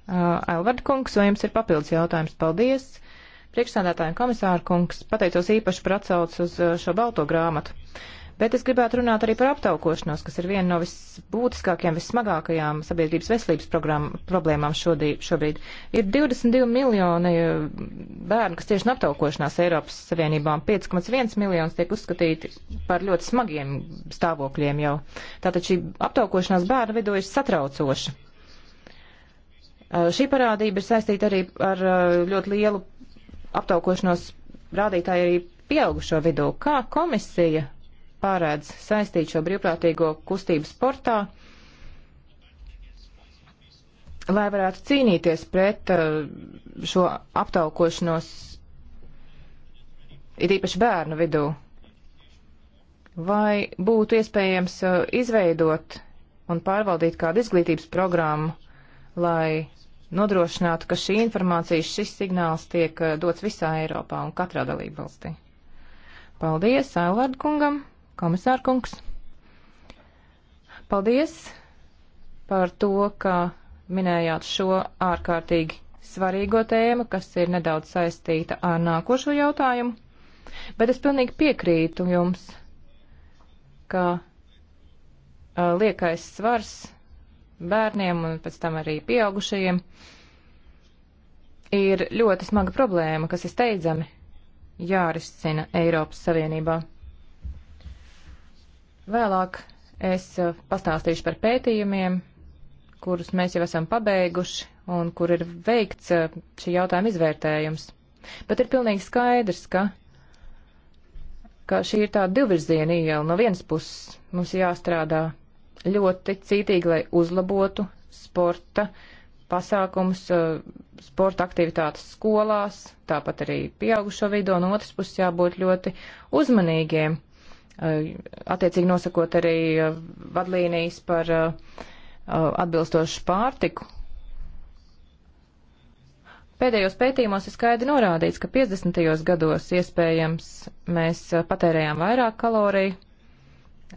Uh, Elvard kungs, vai jums ir papildus jautājums? Paldies. Priekšsādātājiem komisāra kungs pateicos īpaši par atsaucu uz uh, šo balto grāmatu. Bet es gribētu runāt arī par aptaukošanos, kas ir viena no visbūtiskākajām, vissmagākajām sabiedrības veselības problēmām šodī, šobrīd. Ir 22 miljoni uh, bērnu, kas tieši no aptaukošanās Eiropas Savienībā, 5,1 miljonus tiek uzskatīti par ļoti smagiem stāvokļiem jau. Tātad šī aptaukošanās bērnu vidū ir satraucoša. Uh, šī parādība ir saistīta arī ar ļoti lielu aptaukošanos rādītāji arī pieaugušo vidū. Kā komisija pārēdz saistīt šo brīvprātīgo kustību sportā, lai varētu cīnīties pret uh, šo aptaukošanos, it īpaši bērnu vidū? Vai būtu iespējams uh, izveidot un pārvaldīt kādu izglītības programmu, lai nodrošinātu, ka šī informācija, šis signāls tiek eh, dots visā Eiropā un katrā dalība valstī. Paldies Ailvārdu kungam, komisāra kungs. Paldies par to, ka minējāt šo ārkārtīgi svarīgo tēmu, kas ir nedaudz saistīta ar nākošo jautājumu. Bet es pilnīgi piekrītu jums, ka uh, liekais svars bērniem un pēc tam arī pieaugušajiem, ir ļoti smaga problēma, kas ir steidzami jārisina Eiropas Savienībā. Vēlāk es eh, pastāstīšu par pētījumiem, kurus mēs jau esam pabeiguši un kur ir veikts eh, šī jautājuma izvērtējums. Bet ir pilnīgi skaidrs, ka, ka šī ir tāda divvirziena iela. No vienas puses mums jāstrādā ļoti cītīgi, lai uzlabotu sporta pasākumus, eh, sporta aktivitātes skolās, tāpat arī pieaugušo vidū, un otrs puses jābūt ļoti uzmanīgiem, eh, attiecīgi nosakot arī eh, vadlīnijas par atbilstošu pārtiku. Pēdējos pētījumos ir skaidri norādīts, ka 50. gados iespējams mēs patērējām vairāk kaloriju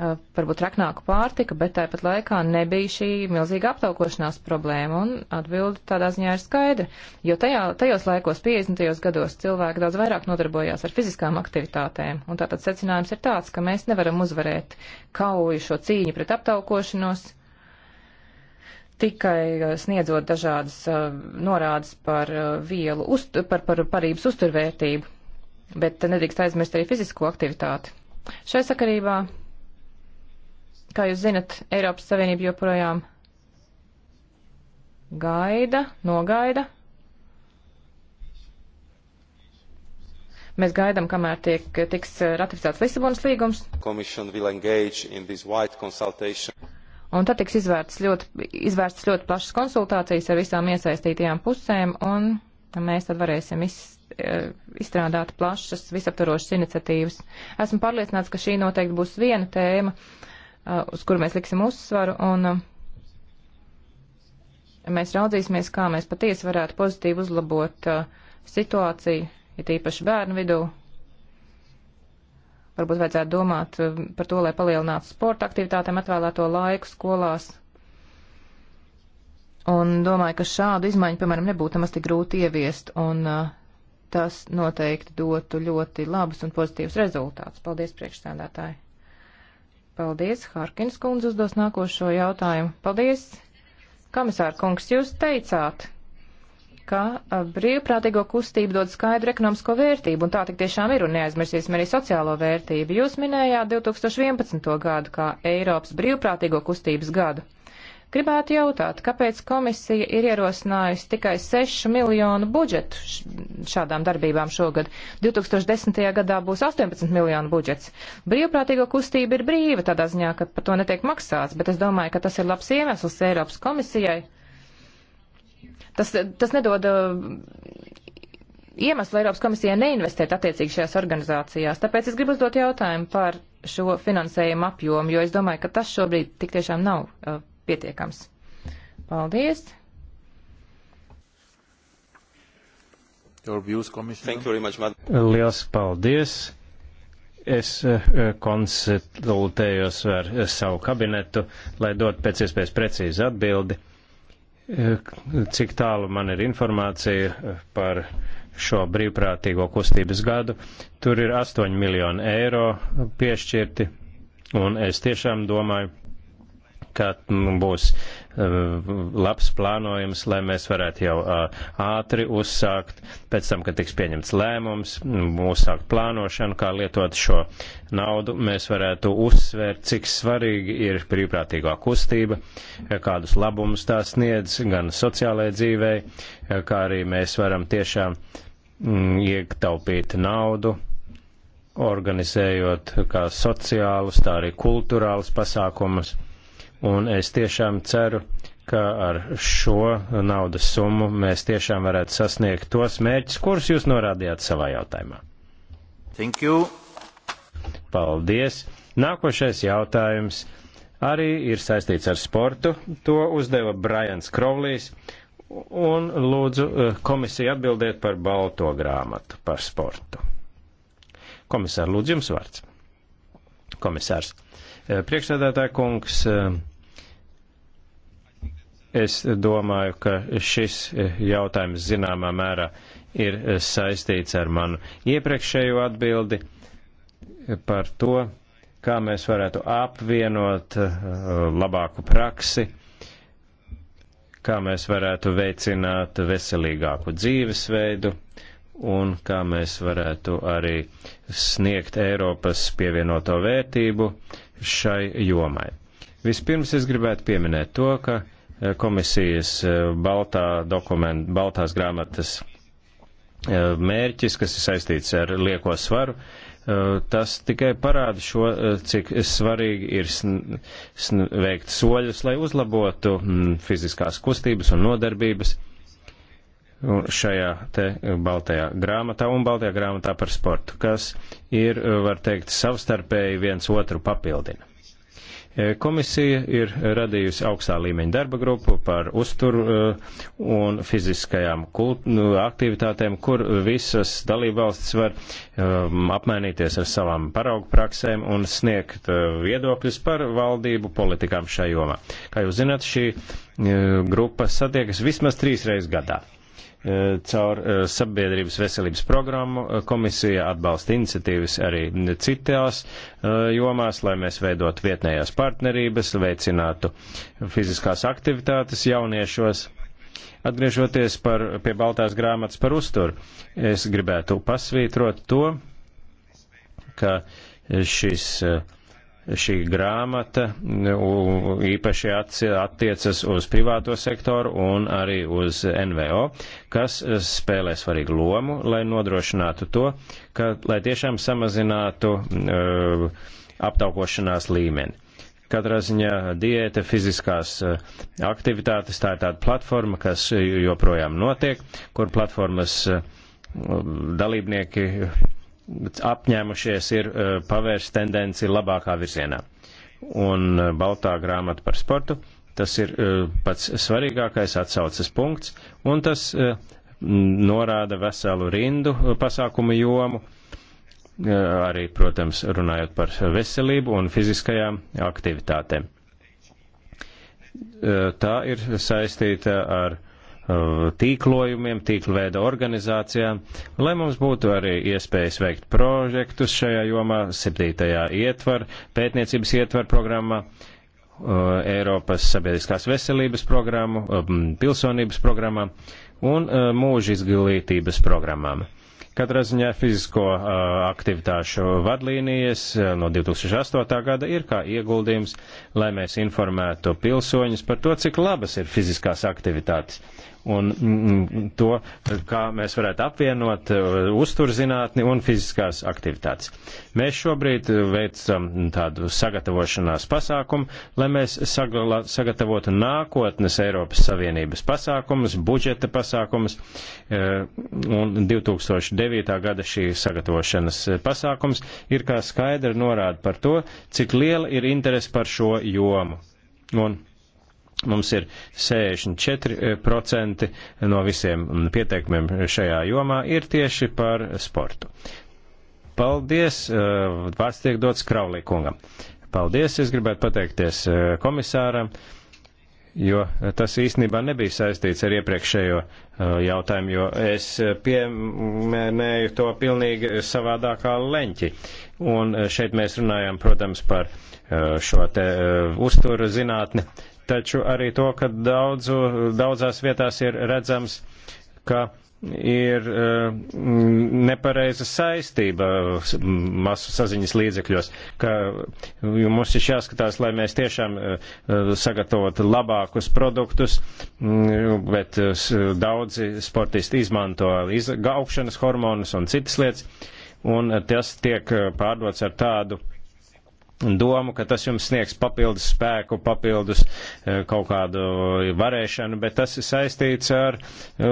Eh, varbūt raknāku pārtiku, bet tāpat laikā nebija šī milzīga aptaukošanās problēma, un atbildi tādā ziņā ir skaidra, jo tajā, tajos laikos, 50. gados, cilvēki daudz vairāk nodarbojās ar fiziskām aktivitātēm, un tātad secinājums ir tāds, ka mēs nevaram uzvarēt kauju šo cīņu pret aptaukošanos, tikai eh, sniedzot dažādas uh, norādes par uh, vielu, uzt, par, par parības uzturvērtību, bet nedrīkst aizmirst arī fizisko aktivitāti. Šai sakarībā Kā jūs zinat, Eiropas Savienība joprojām gaida, nogaida. Mēs gaidām, kamēr tiek, tiks ratificēts Lisabonas līgums. Un tad tiks izvērts ļoti, izvērts ļoti plašas konsultācijas ar visām iesaistītajām pusēm, un mēs tad varēsim iz, e, izstrādāt plašas, visaptvarošas iniciatīvas. Esmu pārliecināts, ka šī noteikti būs viena tēma. Uh, Uh, uz kuru mēs liksim uzsvaru, un uh, mēs raudzīsimies, kā mēs patiesi varētu pozitīvi uzlabot uh, situāciju, it īpaši bērnu vidū. Varbūt vajadzētu domāt par to, lai palielinātu sporta aktivitātēm atvēlēto laiku skolās. Un domāju, ka šādu izmaiņu, piemēram, nebūtu nemaz tik grūti ieviest, un uh, tas noteikti dotu ļoti labus un pozitīvus rezultātus. Paldies, priekšstādātāji! Paldies, Harkins kundze uzdos nākošo jautājumu. Paldies, komisāra kungs, jūs teicāt, ka brīvprātīgo kustību dod skaidru ekonomisko vērtību, un tā tik tiešām ir, un neaizmirsīsim arī sociālo vērtību. Jūs minējāt 2011. gadu kā Eiropas brīvprātīgo kustības gadu. Gribētu jautāt, kāpēc komisija ir ierosinājusi tikai 6 miljonu budžetu šādām darbībām šogad? 2010. gadā būs 18 miljonu budžets. Brīvprātīgo kustība ir brīva tādā ziņā, ka par to netiek maksāts, bet es domāju, ka tas ir labs iemesls Eiropas komisijai. Tas, tas nedod uh, iemeslu Eiropas komisijai neinvestēt attiecīgi šajās organizācijās. Tāpēc es gribu uzdot jautājumu par šo finansējumu apjomu, jo es domāju, ka tas šobrīd tik tiešām nav uh, pietiekams. Paldies! Views, much, Liels paldies! Es eh, konsultējos ar eh, savu kabinetu, lai dotu pēc iespējas precīzi atbildi, eh, cik tālu man ir informācija par šo brīvprātīgo kustības gadu. Tur ir 8 miljoni eiro piešķirti, un es tiešām domāju, ka nu, būs eh, labs plānojums, lai mēs varētu jau eh, ātri uzsākt, pēc tam, kad tiks pieņemts lēmums, mm, uzsākt plānošanu, kā lietot šo naudu, mēs varētu uzsvērt, cik svarīgi ir brīvprātīgā kustība, eh, kādus labumus tā sniedz gan sociālajai dzīvei, kā arī mēs varam tiešām mm, iegtaupīt naudu organizējot kā sociālus, tā arī kulturālus pasākumus Un es tiešām ceru, ka ar šo naudas summu mēs tiešām varētu sasniegt tos mērķus, kurus jūs norādījāt savā jautājumā. Thank you. Paldies. Nākošais jautājums arī ir saistīts ar sportu. To uzdeva Brians Krovlijs. Un lūdzu eh, komisiju atbildēt par balto grāmatu par sportu. Komisār, lūdzu jums vārds. Komisārs. Eh, priekšsēdētāja kungs. Uh, Es domāju, ka šis jautājums zināmā mērā ir saistīts ar manu iepriekšējo atbildi par to, kā mēs varētu apvienot eh, labāku praksi, kā mēs varētu veicināt veselīgāku dzīvesveidu un kā mēs varētu arī sniegt Eiropas pievienoto vērtību šai jomai. Vispirms es gribētu pieminēt to, ka komisijas eh, baltā dokumenta, baltās grāmatas eh, mērķis, kas ir saistīts ar lieko svaru, eh, tas tikai parāda šo, cik svarīgi ir veikt soļus, lai uzlabotu mm, fiziskās kustības un nodarbības šajā te baltajā grāmatā un baltajā grāmatā par sportu, kas ir, var teikt, savstarpēji viens otru papildina. E, komisija ir radījusi augstā līmeņa darba grupu par uzturu e, un fiziskajām nu, aktivitātēm, kur visas dalībvalstis var e, apmainīties ar savām paraugu praksēm un sniegt viedokļus par valdību politikām šajā jomā. Kā jūs zināt, šī grupa satiekas vismaz trīs reizes gadā. Eh, caur eh, sabiedrības veselības programmu eh, komisija atbalsta iniciatīvas arī citās jomās, lai mēs veidot vietnējās partnerības, veicinātu fiziskās aktivitātes jauniešos. Atgriežoties par, pie Baltās grāmatas par uzturu, es gribētu pasvītrot to, ka šis uh, šī grāmata īpaši attiecas uz privāto sektoru un arī uz NVO, kas spēlē svarīgu lomu, lai nodrošinātu to, ka, lai tiešām samazinātu uh, aptaukošanās līmeni. Katrā ziņā diēta, fiziskās e, aktivitātes, tā ir tāda platforma, kas joprojām notiek, kur platformas e, dalībnieki apņēmušies ir eh, pavērst tendenci labākā virzienā. Un eh, baltā grāmata par sportu, tas ir eh, pats svarīgākais atsauces punkts, un tas norāda veselu rindu pasākumu jomu, arī, protams, runājot par veselību un fiziskajām aktivitātēm. Tā ir saistīta ar Uh, tīklojumiem, tīklveida organizācijām, lai mums būtu arī iespējas veikt projektus šajā jomā, 7. ietvar, pētniecības ietvar programmā, uh, Eiropas sabiedriskās veselības programmu, um, pilsonības programmām un uh, mūža izglītības programmām. Katrā ziņā fizisko aktivitāšu vadlīnijas no 2008. gada ir kā ieguldījums, lai mēs informētu pilsoņus par to, cik labas ir fiziskās aktivitātes un mm, mm, to, kā mēs varētu apvienot uh, uzturzinātni un fiziskās aktivitātes. Mēs šobrīd uh, veicam tādu sagatavošanās pasākumu, lai mēs sagala, sagatavotu nākotnes Eiropas Savienības pasākumus, budžeta pasākumus, uh, un 2009. gada šī sagatavošanas pasākums ir kā skaidra norāda par to, cik liela ir interese par šo jomu. Un Mums ir 64% no visiem pieteikumiem šajā jomā ir tieši par sportu. Paldies, eh, vārds tiek dots Kraulī kungam. Paldies, es gribētu pateikties eh, komisāram, jo tas īstenībā nebija saistīts ar iepriekšējo eh, jautājumu, jo es piemērnēju to pilnīgi savādākā leņķi. Un šeit mēs runājam, protams, par šo te uzturu zinātni, taču arī to, ka daudzu, daudzās vietās ir redzams, ka ir eh, nepareiza saistība masu saziņas līdzekļos, ka mums ir jāskatās, lai mēs tiešām eh, sagatavotu labākus produktus, bet eh, daudzi sportisti izmanto augšanas hormonus un citas lietas, un tas tiek pārdots ar tādu domu, ka tas jums sniegs papildus spēku, papildus eh, kaut kādu varēšanu, bet tas ir saistīts ar eh,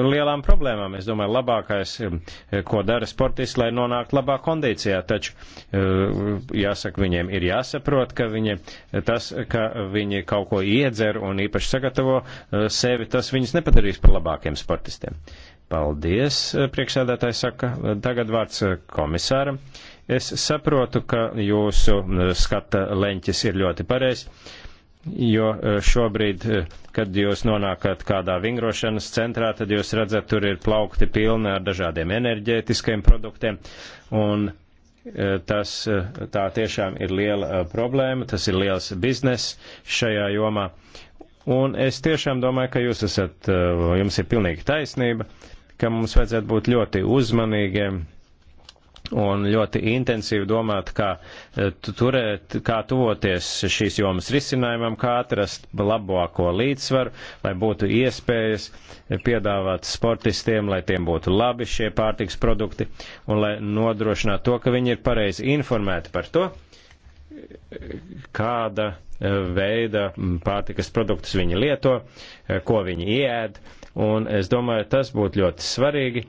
lielām problēmām. Es domāju, labākais, eh, ko dara sportists, lai nonāktu labā kondīcijā, taču jāsaka, viņiem ir jāsaprot, ka viņi tas, ka viņi kaut ko iedzer un īpaši sagatavo sevi, tas viņus nepadarīs par labākiem sportistiem. Paldies, priekšsēdētājs saka. Tagad vārds komisāram. Uh, Es saprotu, ka jūsu skata leņķis ir ļoti pareizs, jo e, šobrīd, e, kad jūs nonākat kādā vingrošanas centrā, tad jūs redzat, tur ir plaukti pilni ar dažādiem enerģētiskiem produktiem, un e, tas tā tiešām ir liela problēma, tas ir liels biznes šajā jomā, un es tiešām domāju, ka jūs esat, jums ir pilnīgi taisnība, ka mums vajadzētu būt ļoti uzmanīgiem un ļoti intensīvi domāt, kā eh, turēt, kā tuvoties šīs jomas risinājumam, kā atrast labāko līdzsvaru, lai būtu iespējas piedāvāt sportistiem, lai tiem būtu labi šie pārtiks produkti un lai nodrošinātu to, ka viņi ir pareizi informēti par to, kāda eh, veida pārtikas produktus viņi lieto, eh, ko viņi ēd, un es domāju, tas būtu ļoti svarīgi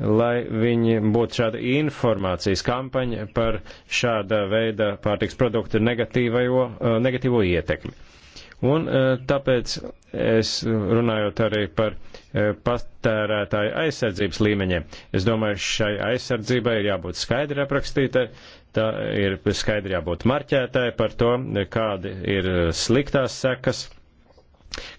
lai viņi būtu šāda informācijas kampaņa par šāda veida pārtiks produktu eh, negatīvo ietekmi. Un eh, tāpēc es eh, runājot arī par patērētāju aizsardzības līmeņiem, es domāju, šai aizsardzībai ir jābūt skaidri aprakstītai, tā ir skaidri jābūt marķētai par to, kādi ir sliktās sekas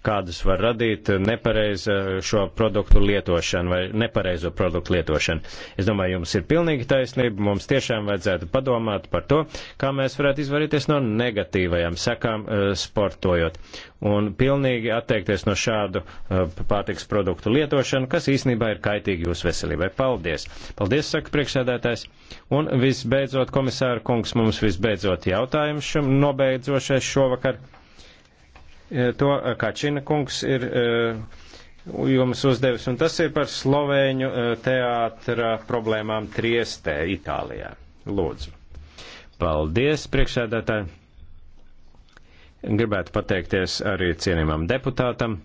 kādas var radīt nepareiza šo produktu lietošana vai nepareizo produktu lietošana. Es domāju, jums ir pilnīgi taisnība, mums tiešām vajadzētu padomāt par to, kā mēs varētu izvarīties no negatīvajām sekām eh, sportojot un pilnīgi atteikties no šādu eh, pārtiks produktu lietošanu, kas īsnībā ir kaitīgi jūsu veselībai. Paldies! Paldies, saka priekšsēdētājs. Un visbeidzot, komisāra kungs, mums visbeidzot jautājums šim nobeidzošais šovakar. E, to, e, kā Čina kungs ir e, jums uzdevis, un tas ir par Slovēņu teātra problēmām Triestē, Itālijā. Lūdzu. Paldies, priekšsēdētāji. Gribētu pateikties arī cienījumam deputātam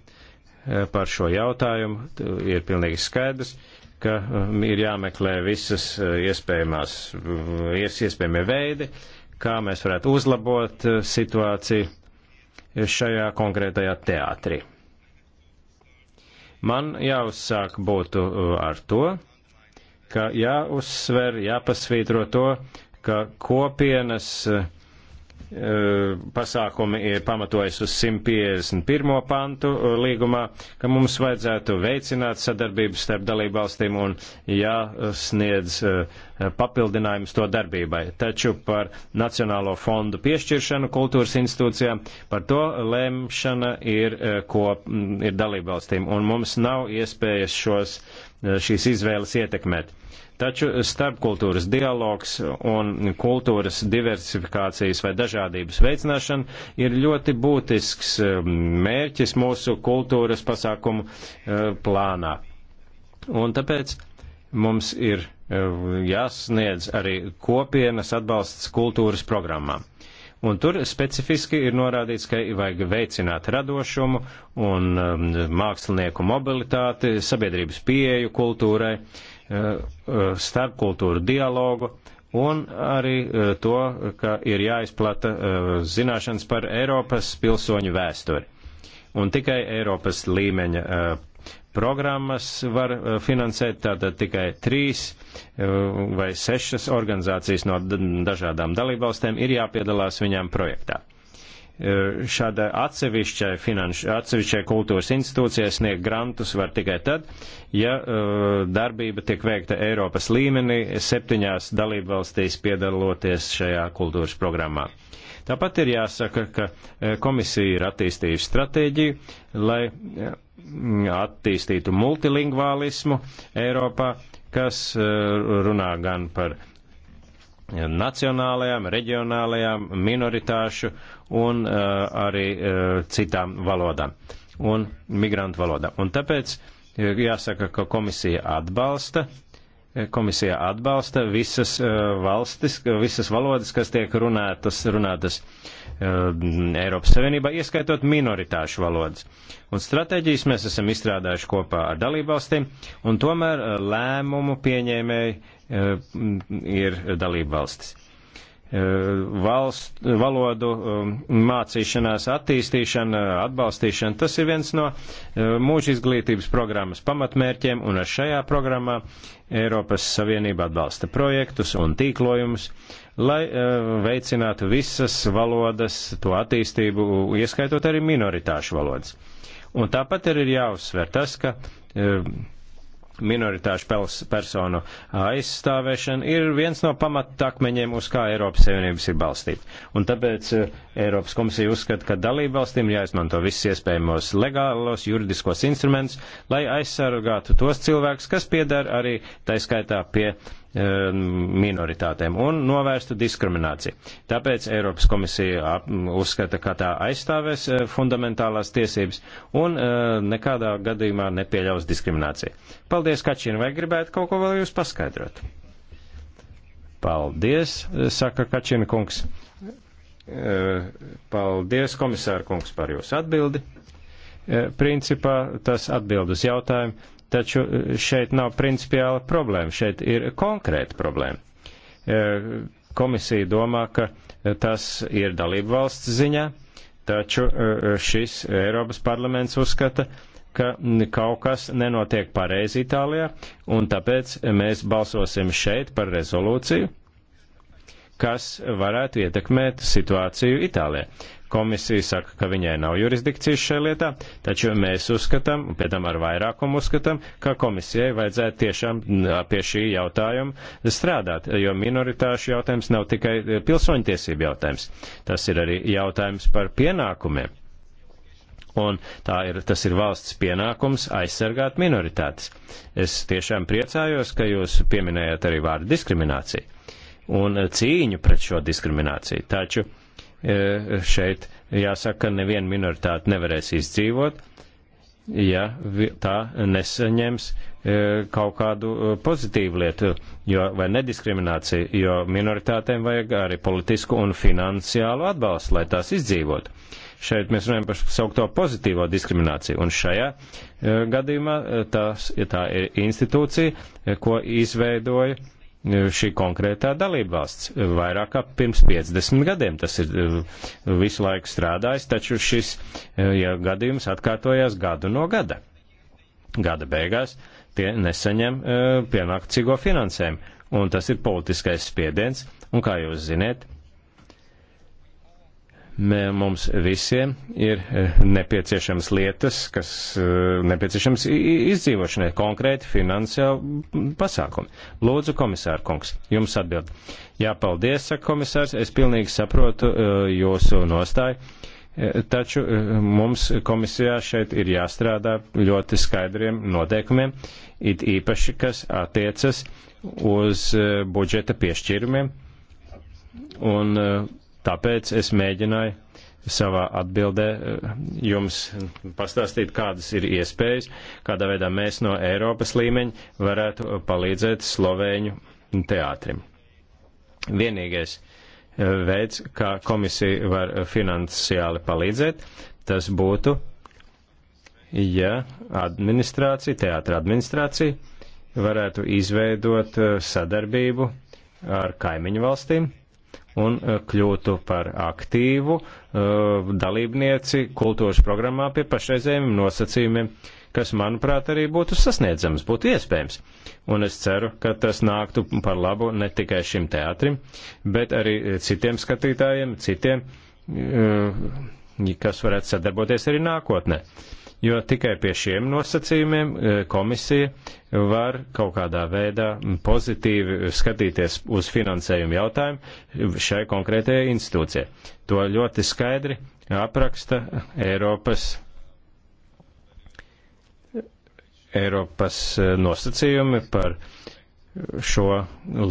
par šo jautājumu. Ir pilnīgi skaidrs, ka ir jāmeklē visas iespējamās, iespējamie veidi, kā mēs varētu uzlabot situāciju šajā konkrētajā teātrī. Man jāuzsāk būtu uh, ar to, ka jāuzsver, jāpasvītro to, ka kopienas uh, Eh, pasākumi ir pamatojas uz 151. pantu eh, līgumā, ka mums vajadzētu veicināt sadarbību starp dalībvalstīm un jāsniedz eh, papildinājums to darbībai. Taču par Nacionālo fondu piešķiršanu kultūras institūcijām, par to lēmšana ir, ko mm, ir dalībvalstīm, un mums nav iespējas šos, šīs izvēles ietekmēt. Taču starpkultūras dialogs un kultūras diversifikācijas vai dažādības veicināšana ir ļoti būtisks um, mērķis mūsu kultūras pasākumu uh, plānā. Un tāpēc mums ir uh, jāsniedz arī kopienas atbalsts kultūras programmām. Un tur specifiski ir norādīts, ka vajag veicināt radošumu un um, mākslinieku mobilitāti, sabiedrības pieeju kultūrai, uh, Eh, eh, starpkultūru dialogu un arī eh, to, ka ir jāizplata zināšanas par Eiropas pilsoņu vēsturi. Un tikai Eiropas līmeņa programmas var finansēt, tātad tikai trīs vai sešas organizācijas no dažādām dalībvalstēm ir jāpiedalās viņām projektā. Eh, šāda atsevišķai finanšu, atsevišķai kultūras institūcijai sniegt grantus var tikai tad, ja uh, darbība tiek veikta Eiropas līmenī, septiņās dalībvalstīs piedaloties šajā kultūras programmā. Tāpat ir jāsaka, ka eh, komisija ir attīstījusi stratēģiju, lai attīstītu multilingvālismu Eiropā, kas runā gan par nacionālajām, reģionālajām, minoritāšu un uh, arī uh, citām valodām un migrantu valodā. Un tāpēc uh, jāsaka, ka komisija atbalsta, uh, komisija atbalsta visas uh, valstis, visas valodas, kas tiek runātas, runātas uh, Eiropas Savienībā, ieskaitot minoritāšu valodas. Un stratēģijas mēs esam izstrādājuši kopā ar dalībvalstīm, un tomēr uh, lēmumu pieņēmēji uh, ir dalībvalstis. Eh, valst, valodu um, mācīšanās attīstīšana, atbalstīšana. Tas ir viens no eh, mūža izglītības programmas pamatmērķiem, un šajā programmā Eiropas Savienība atbalsta projektus un tīklojumus, lai eh, veicinātu visas valodas, to attīstību, ieskaitot arī minoritāšu valodas. Un tāpat arī ir jāuzsver tas, ka minoritāšu personu aizstāvēšana ir viens no pamatakmeņiem, uz kā Eiropas Savienības ir balstīta. Un tāpēc eh, Eiropas komisija uzskata, ka dalību valstīm jāizmanto visus iespējamos legālos juridiskos instrumentus, lai aizsargātu tos cilvēkus, kas piedara arī taiskaitā pie Um, minoritātēm un novērstu diskrimināciju. Tāpēc Eiropas komisija uzskata, ka tā aizstāvēs uh, fundamentālās tiesības un uh, nekādā gadījumā nepieļaus diskrimināciju. Paldies, Kačina, vai gribētu kaut ko vēl jūs paskaidrot? Paldies, uh, saka Kačina kungs. Paldies, komisāra kungs, par jūsu atbildi. Principā tas atbild uz jautājumu Taču eh, šeit nav principiāla problēma, šeit ir konkrēta problēma. Eh, komisija domā, ka eh, tas ir dalību valsts ziņā, taču šis Eiropas parlaments uzskata, ka kaut kas nenotiek pareizi Itālijā, un tāpēc mēs balsosim šeit par rezolūciju, kas varētu ietekmēt situāciju Itālijā. Komisija saka, ka viņai nav jurisdikcijas šajā lietā, taču mēs uzskatām, un pēc tam ar vairākumu uzskatām, ka komisijai vajadzētu tiešām pie šī jautājuma strādāt, jo minoritāšu jautājums nav tikai pilsoņtiesību jautājums. Tas ir arī jautājums par pienākumiem. Un tā ir, tas ir valsts pienākums aizsargāt minoritātes. Es tiešām priecājos, ka jūs pieminējat arī vārdu diskriminācija un cīņu pret šo diskrimināciju. Taču E, šeit jāsaka, ka neviena minoritāte nevarēs izdzīvot, ja tā nesaņems e, kaut kādu e, pozitīvu lietu jo, vai nediskrimināciju, jo minoritātēm vajag arī politisku un finansiālu atbalstu, lai tās izdzīvotu. Šeit mēs runājam par saukto pozitīvo diskrimināciju, un šajā gadījumā tās, ja tā ir institūcija, ko izveidoja šī konkrētā dalībvalsts. Vairāk kā pirms 50 gadiem tas ir eh, visu laiku strādājis, taču šis eh, ja gadījums atkārtojās gadu no gada. Gada beigās tie nesaņem eh, pienācīgo finansējumu, un tas ir politiskais spiediens, un kā jūs ziniet, mums visiem ir e, nepieciešams lietas, kas e, nepieciešams izdzīvošanai, konkrēti finansiāli pasākumi. Lūdzu, komisāra kungs, jums atbild. Jā, paldies, saka komisārs, es pilnīgi saprotu e, jūsu nostāju. Taču mums komisijā šeit ir jāstrādā ļoti skaidriem noteikumiem, it īpaši, kas attiecas uz budžeta piešķirumiem. Un Tāpēc es mēģināju savā atbildē eh, jums pastāstīt, kādas ir iespējas, kādā veidā mēs no Eiropas līmeņa varētu palīdzēt Slovēņu teātrim. Vienīgais eh, veids, kā komisija var finansiāli palīdzēt, tas būtu, ja administrācija, teātra administrācija varētu izveidot eh, sadarbību ar kaimiņu valstīm un eh, kļūtu par aktīvu eh, dalībnieci kultūras programmā pie pašreizējiem nosacījumiem, kas, manuprāt, arī būtu sasniedzams, būtu iespējams. Un es ceru, ka tas nāktu par labu ne tikai šim teātrim, bet arī citiem skatītājiem, citiem, eh, kas varētu sadarboties arī nākotnē jo tikai pie šiem nosacījumiem e, komisija var kaut kādā veidā pozitīvi skatīties uz finansējumu jautājumu šai konkrētajai institūcijai. To ļoti skaidri apraksta Eiropas. Eiropas e, nosacījumi par šo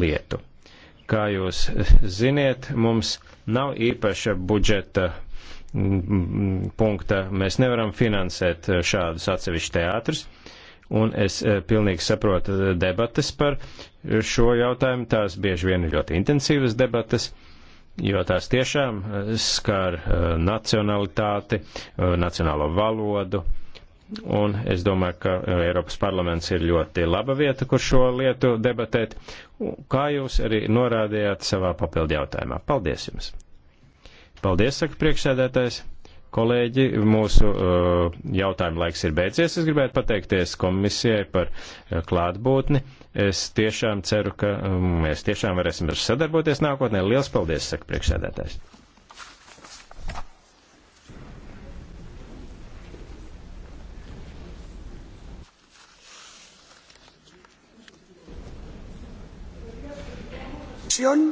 lietu. Kā jūs ziniet, mums nav īpaša budžeta punkta mēs nevaram finansēt e, šādus atsevišķus teātrus. Un es e, pilnīgi saprotu e, debates par šo jautājumu. Tās bieži vien ir ļoti intensīvas debates, jo tās tiešām skar nacionalitāti, nacionālo valodu. Un es domāju, ka Eiropas parlaments ir ļoti laba vieta, kur šo lietu debatēt, kā jūs arī norādījāt savā papildu jautājumā. Paldies jums! Paldies, saka priekšsēdētājs. Kolēģi, mūsu uh, jautājuma laiks ir beidzies. Es gribētu pateikties komisijai par uh, klātbūtni. Es tiešām ceru, ka um, mēs tiešām varēsim sadarboties nākotnē. Liels paldies, saka priekšsēdētājs. comisión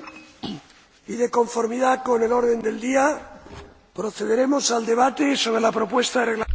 y de conformidad con el orden del día procederemos al debate sobre la propuesta de reglamento.